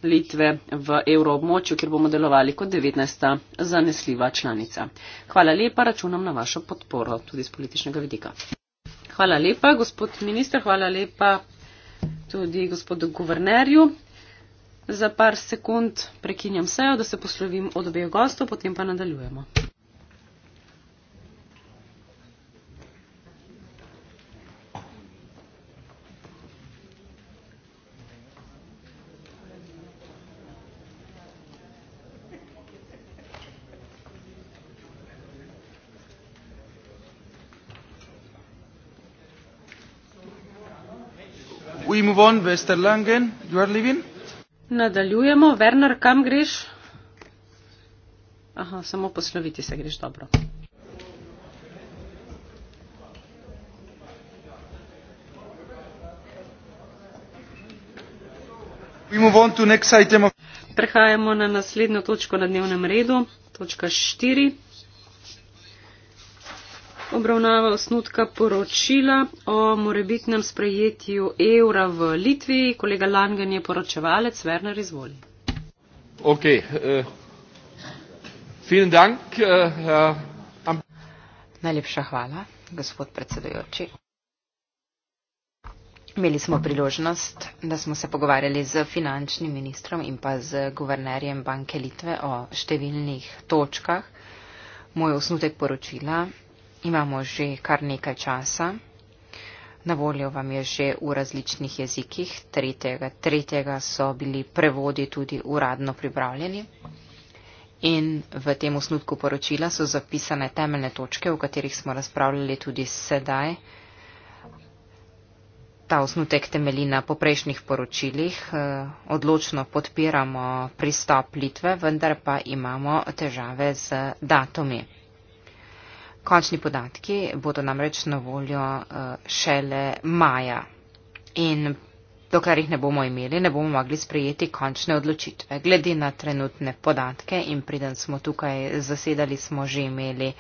Litve v evroobmočju, kjer bomo delovali kot 19. zanesljiva članica. Hvala lepa, računam na vašo podporo tudi z političnega vidika. Hvala lepa, gospod minister, hvala lepa tudi gospodu guvernerju. Za par sekund prekinjam sejo, da se poslovim od obeh gostov, potem pa nadaljujemo. move on, Vester Langen, you are leaving? Nadaljujemo. Werner, kam greš? Aha, samo posloviti se greš dobro. Prehajamo na naslednjo točko na dnevnem redu, točka štiri obravnava osnutka poročila o morebitnem sprejetju evra v Litvi. Kolega Langen je poročevalec, Werner izvoli. Ok. Eh, vielen uh, dank. Uh, uh, Najlepša hvala, gospod predsedujoči. Imeli smo priložnost, da smo se pogovarjali z finančnim ministrom in pa z guvernerjem Banke Litve o številnih točkah. Moj osnutek poročila imamo že kar nekaj časa. Na voljo vam je že v različnih jezikih, tretjega, tretjega so bili prevodi tudi uradno pripravljeni. In v tem osnutku poročila so zapisane temeljne točke, o katerih smo razpravljali tudi sedaj. Ta osnutek temelji na poprejšnjih poročilih. Eh, odločno podpiramo pristop Litve, vendar pa imamo težave z datomi. Končni podatki bodo namreč na voljo eh, šele maja in dokler jih ne bomo imeli, ne bomo mogli sprejeti končne odločitve. Glede na trenutne podatke in preden smo tukaj zasedali, smo že imeli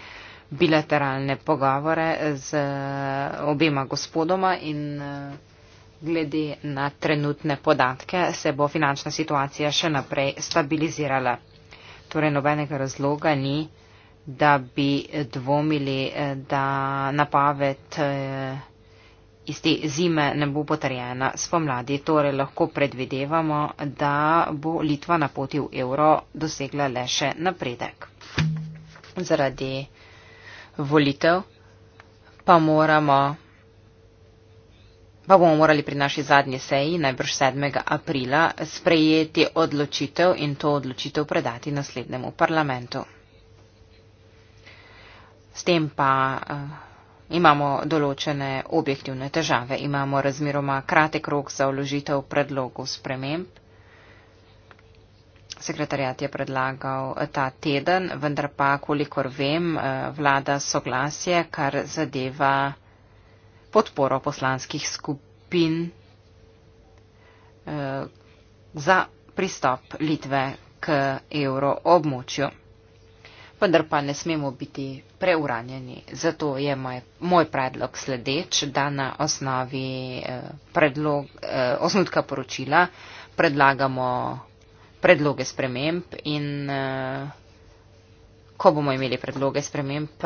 bilateralne pogovore z eh, obema gospodoma in eh, glede na trenutne podatke se bo finančna situacija še naprej stabilizirala. Torej nobenega razloga ni, da bi dvomili, eh, da napaved eh, iz te zime ne bo potrjena spomladi. Torej lahko predvidevamo, da bo Litva na poti v evro dosegla le še napredek. Zaradi volitev pa moramo. Pa bomo morali pri naši zadnji seji, najbrž 7. aprila, sprejeti odločitev in to odločitev predati naslednjemu parlamentu. S tem pa uh, imamo določene objektivne težave. Imamo razmeroma kratek rok za vložitev predlogov sprememb. Sekretarjat je predlagal eh, ta teden, vendar pa, kolikor vem, eh, vlada soglasje, kar zadeva podporo poslanskih skupin za pristop Litve k evroobmočju. Vendar pa ne smemo biti preuranjeni. Zato je moj, moj predlog sledeč, da na osnovi eh, predlog, eh, osnutka poročila predlagamo predloge sprememb in eh, ko bomo imeli predloge sprememb,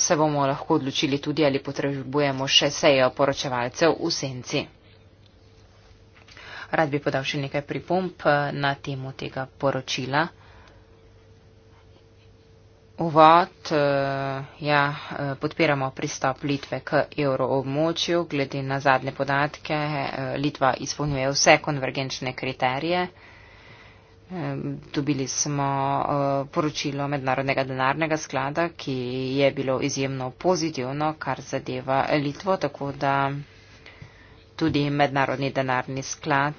se bomo lahko odločili tudi, ali potrebujemo še sejo poročevalcev v senci. Rad bi podal še nekaj pripomp na temu tega poročila. Uvod, eh, ja, eh, podpiramo pristop Litve k evroobmočju. Glede na zadnje podatke, eh, Litva izpolnjuje vse konvergenčne kriterije. Dobili smo poročilo Mednarodnega denarnega sklada, ki je bilo izjemno pozitivno, kar zadeva Litvo, tako da tudi Mednarodni denarni sklad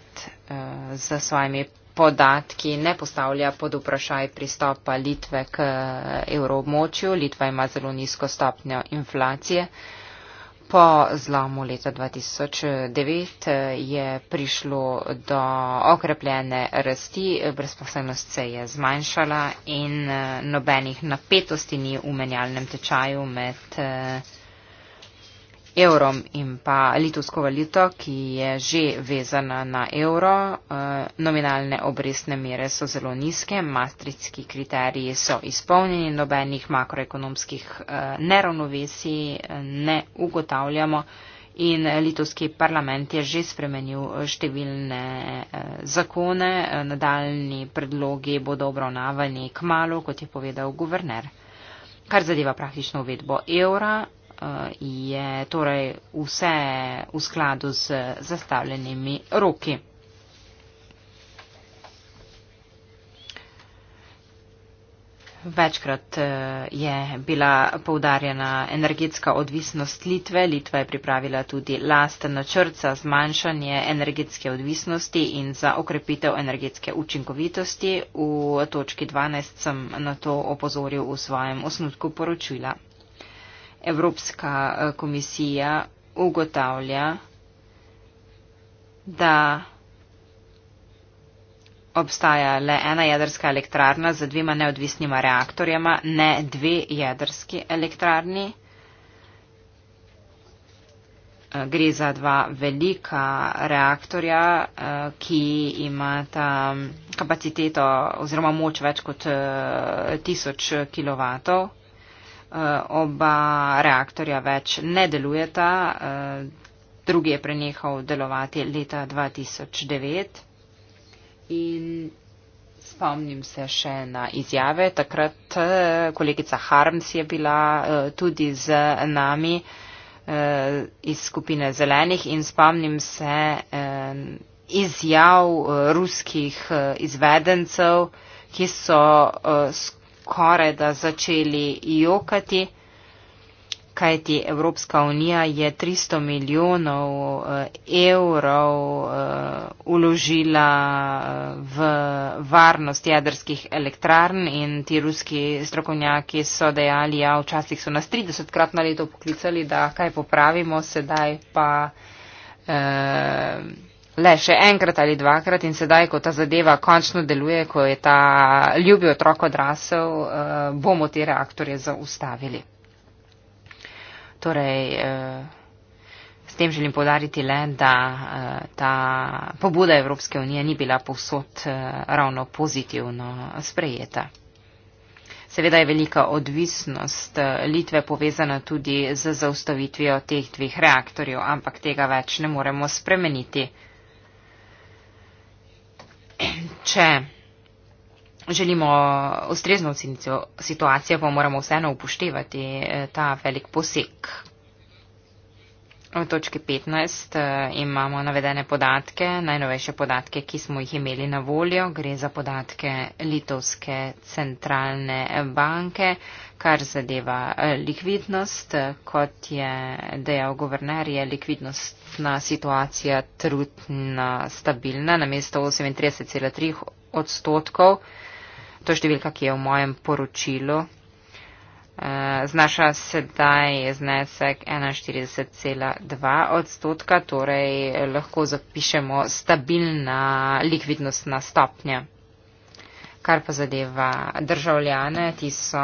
z svojimi podatki ne postavlja pod vprašaj pristopa Litve k eh, evroobmočju. Litva ima zelo nizko stopnjo inflacije. Po zlomu leta 2009 eh, je prišlo do okrepljene rasti, brezposobnost se je zmanjšala in eh, nobenih napetosti ni v menjalnem tečaju med evrom in pa litovsko valito, ki je že vezana na evro. Eh, nominalne obrestne mere so zelo nizke, mastritski kriteriji so izpolnjeni, nobenih makroekonomskih eh, neravnovesij eh, ne ugotavljamo. In litovski parlament je že spremenil številne zakone, nadaljni predlogi bodo obravnavani k malu, kot je povedal guverner. Kar zadeva praktično uvedbo evra, Eh, je torej vse v skladu z zastavljenimi roki. Večkrat eh, je bila poudarjena energetska odvisnost Litve. Litva je pripravila tudi lasten načrt za zmanjšanje energetske odvisnosti in za okrepitev energetske učinkovitosti. V točki 12 sem na to opozoril v svojem osnutku poročila. Evropska eh, komisija ugotavlja, da obstaja le ena jedrska elektrarna z dvima neodvisnima reaktorjema, ne dve jedrski elektrarni. Eh, gre za dva velika reaktorja, eh, ki imata mm, kapaciteto oziroma moč več kot 1000 kW. Eh, oba reaktorja več ne delujeta, eh, drugi je prenehal delovati leta 2009 in spomnim se še na izjave. Takrat eh, kolegica Harms je bila tudi z nami iz skupine zelenih in spomnim se izjav ruskih izvedencev, ki so skupaj skoraj da začeli jokati, kajti Evropska unija je 300 milijonov eh, evrov uložila eh, eh, v varnost jedrskih elektrarn in ti ruski strokovnjaki so dejali, ja, včasih so nas 30 krat na leto poklicali, da kaj popravimo, sedaj pa. Eh, le še enkrat ali dvakrat in sedaj, ko ta zadeva končno deluje, ko je ta ljubi otrok odrasel, uh, bomo te reaktorje zaustavili. Torej, uh, s tem želim podariti le, da uh, ta pobuda Evropske unije ni bila povsod uh, ravno pozitivno sprejeta. Seveda je velika odvisnost Litve povezana tudi z zaustavitvijo teh dveh reaktorjev, ampak tega več ne moremo spremeniti če želimo ustrezno oceniti situacijo, pa moramo vseeno upoštevati eh, ta velik poseg, V točki 15 eh, imamo navedene podatke, najnovejše podatke, ki smo jih imeli na voljo. Gre za podatke Litovske centralne banke, kar zadeva eh, likvidnost. Kot je dejal guverner, je likvidnostna situacija trudna, stabilna, na mesto 38,3 odstotkov. To je številka, ki je v mojem poročilu Eh, znaša sedaj znesek 41,2 odstotka, torej lahko zapišemo stabilna likvidnostna stopnja. Kar pa zadeva državljane, ti so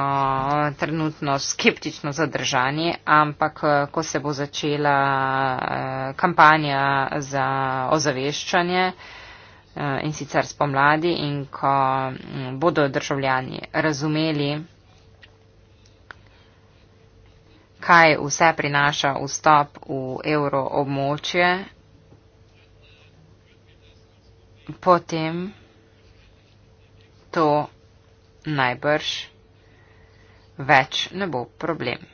trenutno skeptično zadržani, ampak eh, ko se bo začela eh, kampanja za ozaveščanje in sicer spomladi in ko mm, bodo državljani razumeli, kaj vse prinaša vstop v euroobmočje, potem to najbrž več ne bo problem.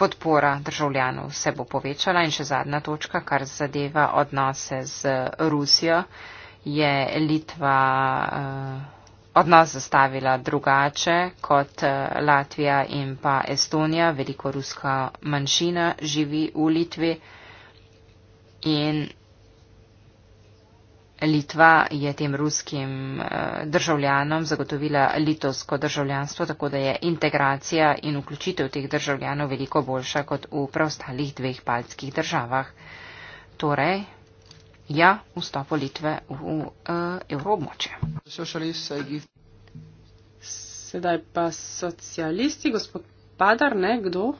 Podpora državljanov se bo povečala in še zadnja točka, kar zadeva odnose z Rusijo, je Litva. Uh, odnos zastavila drugače kot eh, Latvija in pa Estonija. Veliko ruska manjšina živi v Litvi in Litva je tem ruskim eh, državljanom zagotovila litovsko državljanstvo, tako da je integracija in vključitev teh državljanov veliko boljša kot v preostalih dveh baltskih državah. Torej, ja vstop volitve v uh, evroobmočje. Eh, Sedaj pa socialisti, gospod Padar, ne kdo?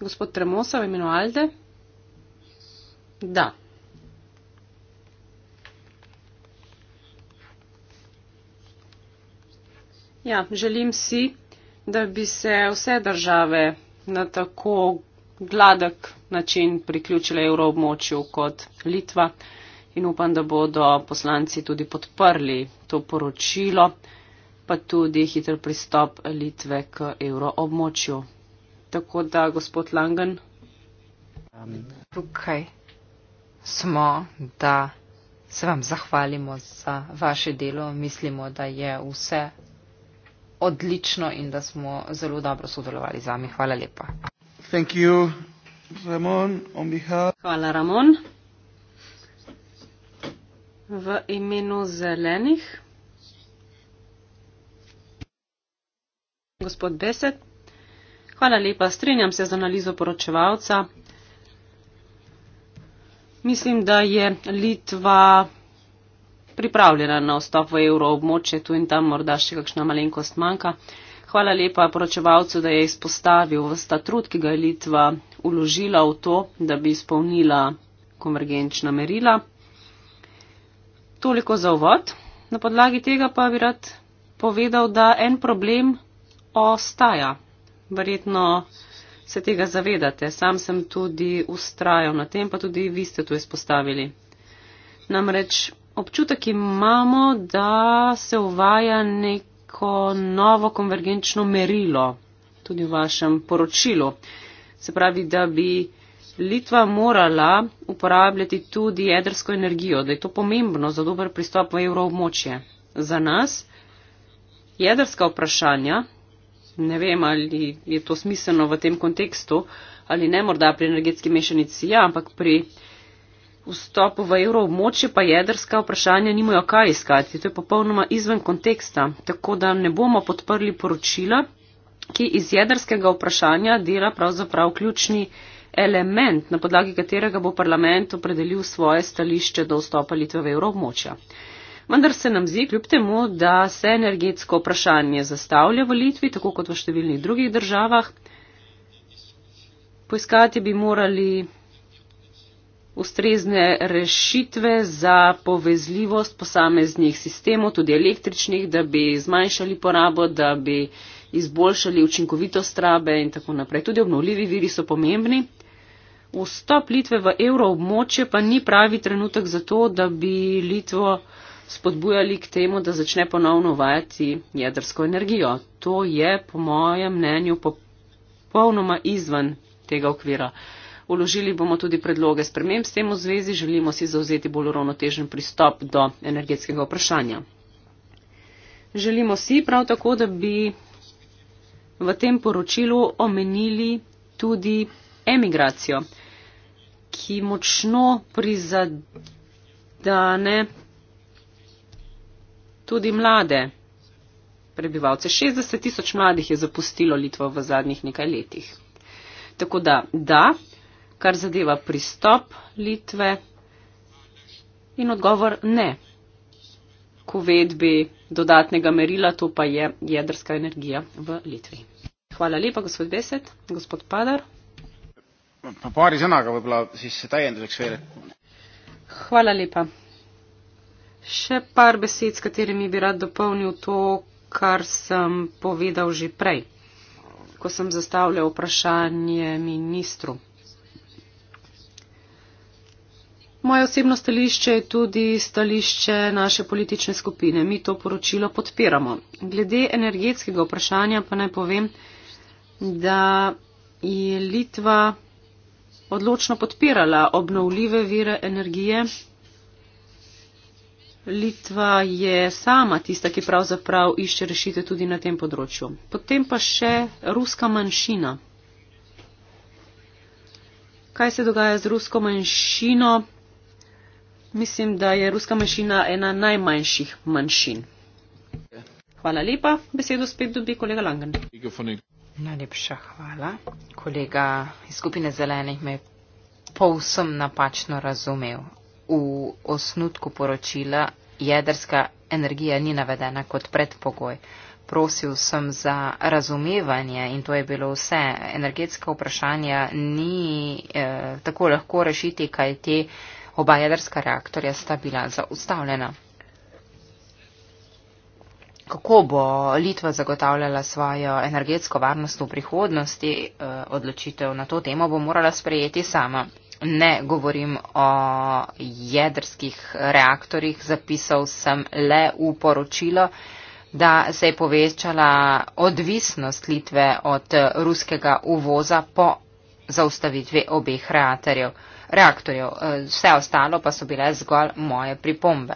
Gospod Tremosa v imenu Alde? Da. Ja, želim si, da bi se vse države na tako gladek način priključile evroobmočju kot Litva in upam, da bodo poslanci tudi podprli to poročilo, pa tudi hiter pristop Litve k evroobmočju. Tako da, gospod Langen. Um, tukaj smo, da se vam zahvalimo za vaše delo. Mislimo, da je vse odlično in da smo zelo dobro sodelovali z vami. Hvala lepa. Thank you, Ramon, on behalf... Hvala, Ramon. V imenu zelenih. Gospod Beset. Hvala lepa, strenjam se z analizo poročevalca. Mislim, da je Litva pripravljena na vstop v evroobmočje, tu in tam morda še kakšna malenkost manjka. Hvala lepa poročevalcu, da je izpostavil vsta trud, ki ga je Litva uložila v to, da bi izpolnila konvergenčna merila. Toliko za uvod. Na podlagi tega pa bi rad povedal, da en problem ostaja. Verjetno se tega zavedate. Sam sem tudi ustrajal na tem, pa tudi vi ste to izpostavili. Namreč občutek imamo, da se uvaja nek neko novo konvergenčno merilo tudi v vašem poročilu. Se pravi, da bi Litva morala uporabljati tudi jedrsko energijo, da je to pomembno za dober pristop v evroobmočje. Za nas jedrska vprašanja, ne vem, ali je to smiselno v tem kontekstu, ali ne morda pri energetski mešanici, ja, ampak pri vstop v evroobmočje pa jedrska vprašanja nimajo kaj iskati. To je popolnoma izven konteksta, tako da ne bomo podprli poročila, ki iz jedrskega vprašanja dela pravzaprav ključni element, na podlagi katerega bo parlament opredelil svoje stališče do vstopa Litve v evroobmočja. Vendar se nam zdi, kljub temu, da se energetsko vprašanje zastavlja v Litvi, tako kot v številnih drugih državah, poiskati bi morali ustrezne rešitve za povezljivost posameznih sistemov, tudi električnih, da bi zmanjšali porabo, da bi izboljšali učinkovitost rabe in tako naprej. Tudi obnovljivi viri so pomembni. Vstop Litve v evroobmočje pa ni pravi trenutek za to, da bi Litvo spodbujali k temu, da začne ponovno uvajati jedrsko energijo. To je, po mojem mnenju, popolnoma izven tega okvira. Uložili bomo tudi predloge sprememb s tem v zvezi, želimo si zauzeti bolj ravnotežen pristop do energetskega vprašanja. Želimo si prav tako, da bi v tem poročilu omenili tudi emigracijo, ki močno prizadane tudi mlade prebivalce. 60 tisoč mladih je zapustilo Litvo v zadnjih nekaj letih. Tako da, da, kar zadeva pristop Litve in odgovor ne k uvedbi dodatnega merila, to pa je jedrska energija v Litvi. Hvala lepa, gospod Beset, gospod Padar. Pa paari sõnaga võib-olla siis täienduseks veel. Hvala lepa. Še paar besed, s katerimi bi rad dopolnil to, kar sem povedal že prej, ko sem zastavljal vprašanje ministru. Moje osebno stališče je tudi stališče naše politične skupine. Mi to poročilo podpiramo. Glede energetskega vprašanja pa naj povem, da je Litva odločno podpirala obnovljive vire energije. Litva je sama tista, ki pravzaprav išče rešitev tudi na tem področju. Potem pa še ruska manjšina. Kaj se dogaja z rusko manjšino? mislim, da je ruska manjšina ena najmanjših manjšin. Hvala lepa. Besedo spet dobi kolega Langan. Najlepša hvala. Kolega iz skupine zelenih me je povsem napačno razumev. V osnutku poročila jedrska energija ni navedena kot predpogoj. Prosil sem za razumevanje in to je bilo vse. Energetska vprašanja ni eh, tako lahko rešiti, kaj te. Eh, Oba jedrska reaktorja sta bila zaustavljena. Kako bo Litva zagotavljala svojo energetsko varnost v prihodnosti, eh, odločitev na to temo bo morala sprejeti sama. Ne govorim o jedrskih reaktorjih, zapisal sem le v poročilo, da se je povečala odvisnost Litve od ruskega uvoza po zaustavitvi obeh reaktorjev reaktorjev. E, vse ostalo pa so bile zgolj moje pripombe.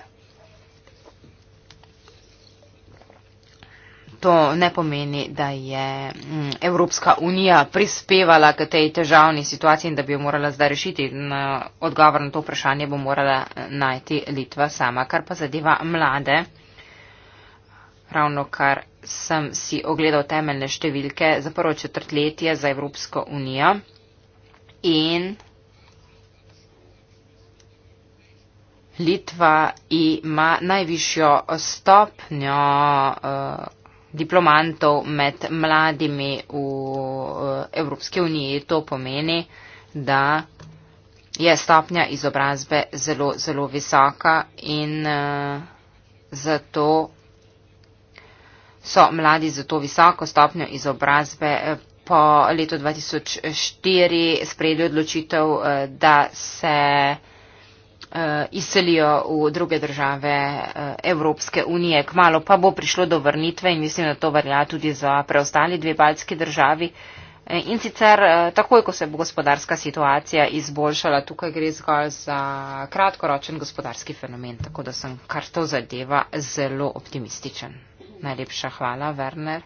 To ne pomeni, da je mm, Evropska unija prispevala k tej težavni situaciji in da bi jo morala zdaj rešiti. Na e, odgovor na to vprašanje bo morala e, najti Litva sama, kar pa zadeva mlade. Ravno kar sem si ogledal temeljne številke za prvo četrtletje za Evropsko unijo in Litva ima najvišjo stopnjo uh, diplomantov med mladimi v uh, Evropski uniji. To pomeni, da je stopnja izobrazbe zelo, zelo visoka in uh, zato so mladi za to visoko stopnjo izobrazbe po letu 2004 sprejeli odločitev, uh, da se uh, izselijo v druge države uh, Evropske unije. Kmalo pa bo prišlo do vrnitve in mislim, da to verja tudi za preostali dve baljski državi. Eh, in sicer takoj, ko se bo gospodarska situacija izboljšala, tukaj gre zgolj za kratkoročen gospodarski fenomen, tako da sem kar to zadeva zelo optimističen. Najlepša hvala, Werner.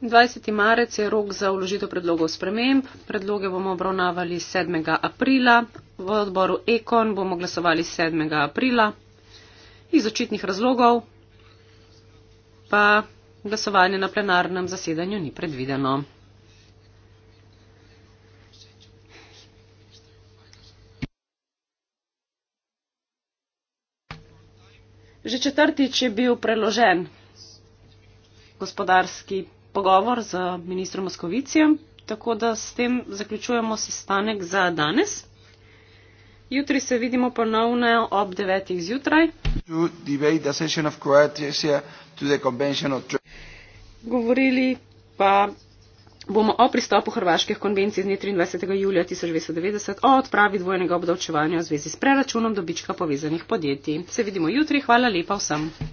20. marec je rok za vložitev predlogov sprememb. Predloge bomo obravnavali 7. aprila. V odboru Ekon bomo glasovali 7. aprila. Iz očitnih razlogov pa glasovanje na plenarnem zasedanju ni predvideno. Že četrtič je bil preložen gospodarski pogovor z ministrom Moskovicijem, tako da s tem zaključujemo sestanek za danes. Jutri se vidimo ponovno ob 9. zjutraj. Govorili pa bomo o pristopu Hrvaških konvencij z dne 23. julija 1990 o odpravi dvojnega obdavčevanja v zvezi s preračunom dobička povezanih podjetij. Se vidimo jutri. Hvala lepa vsem.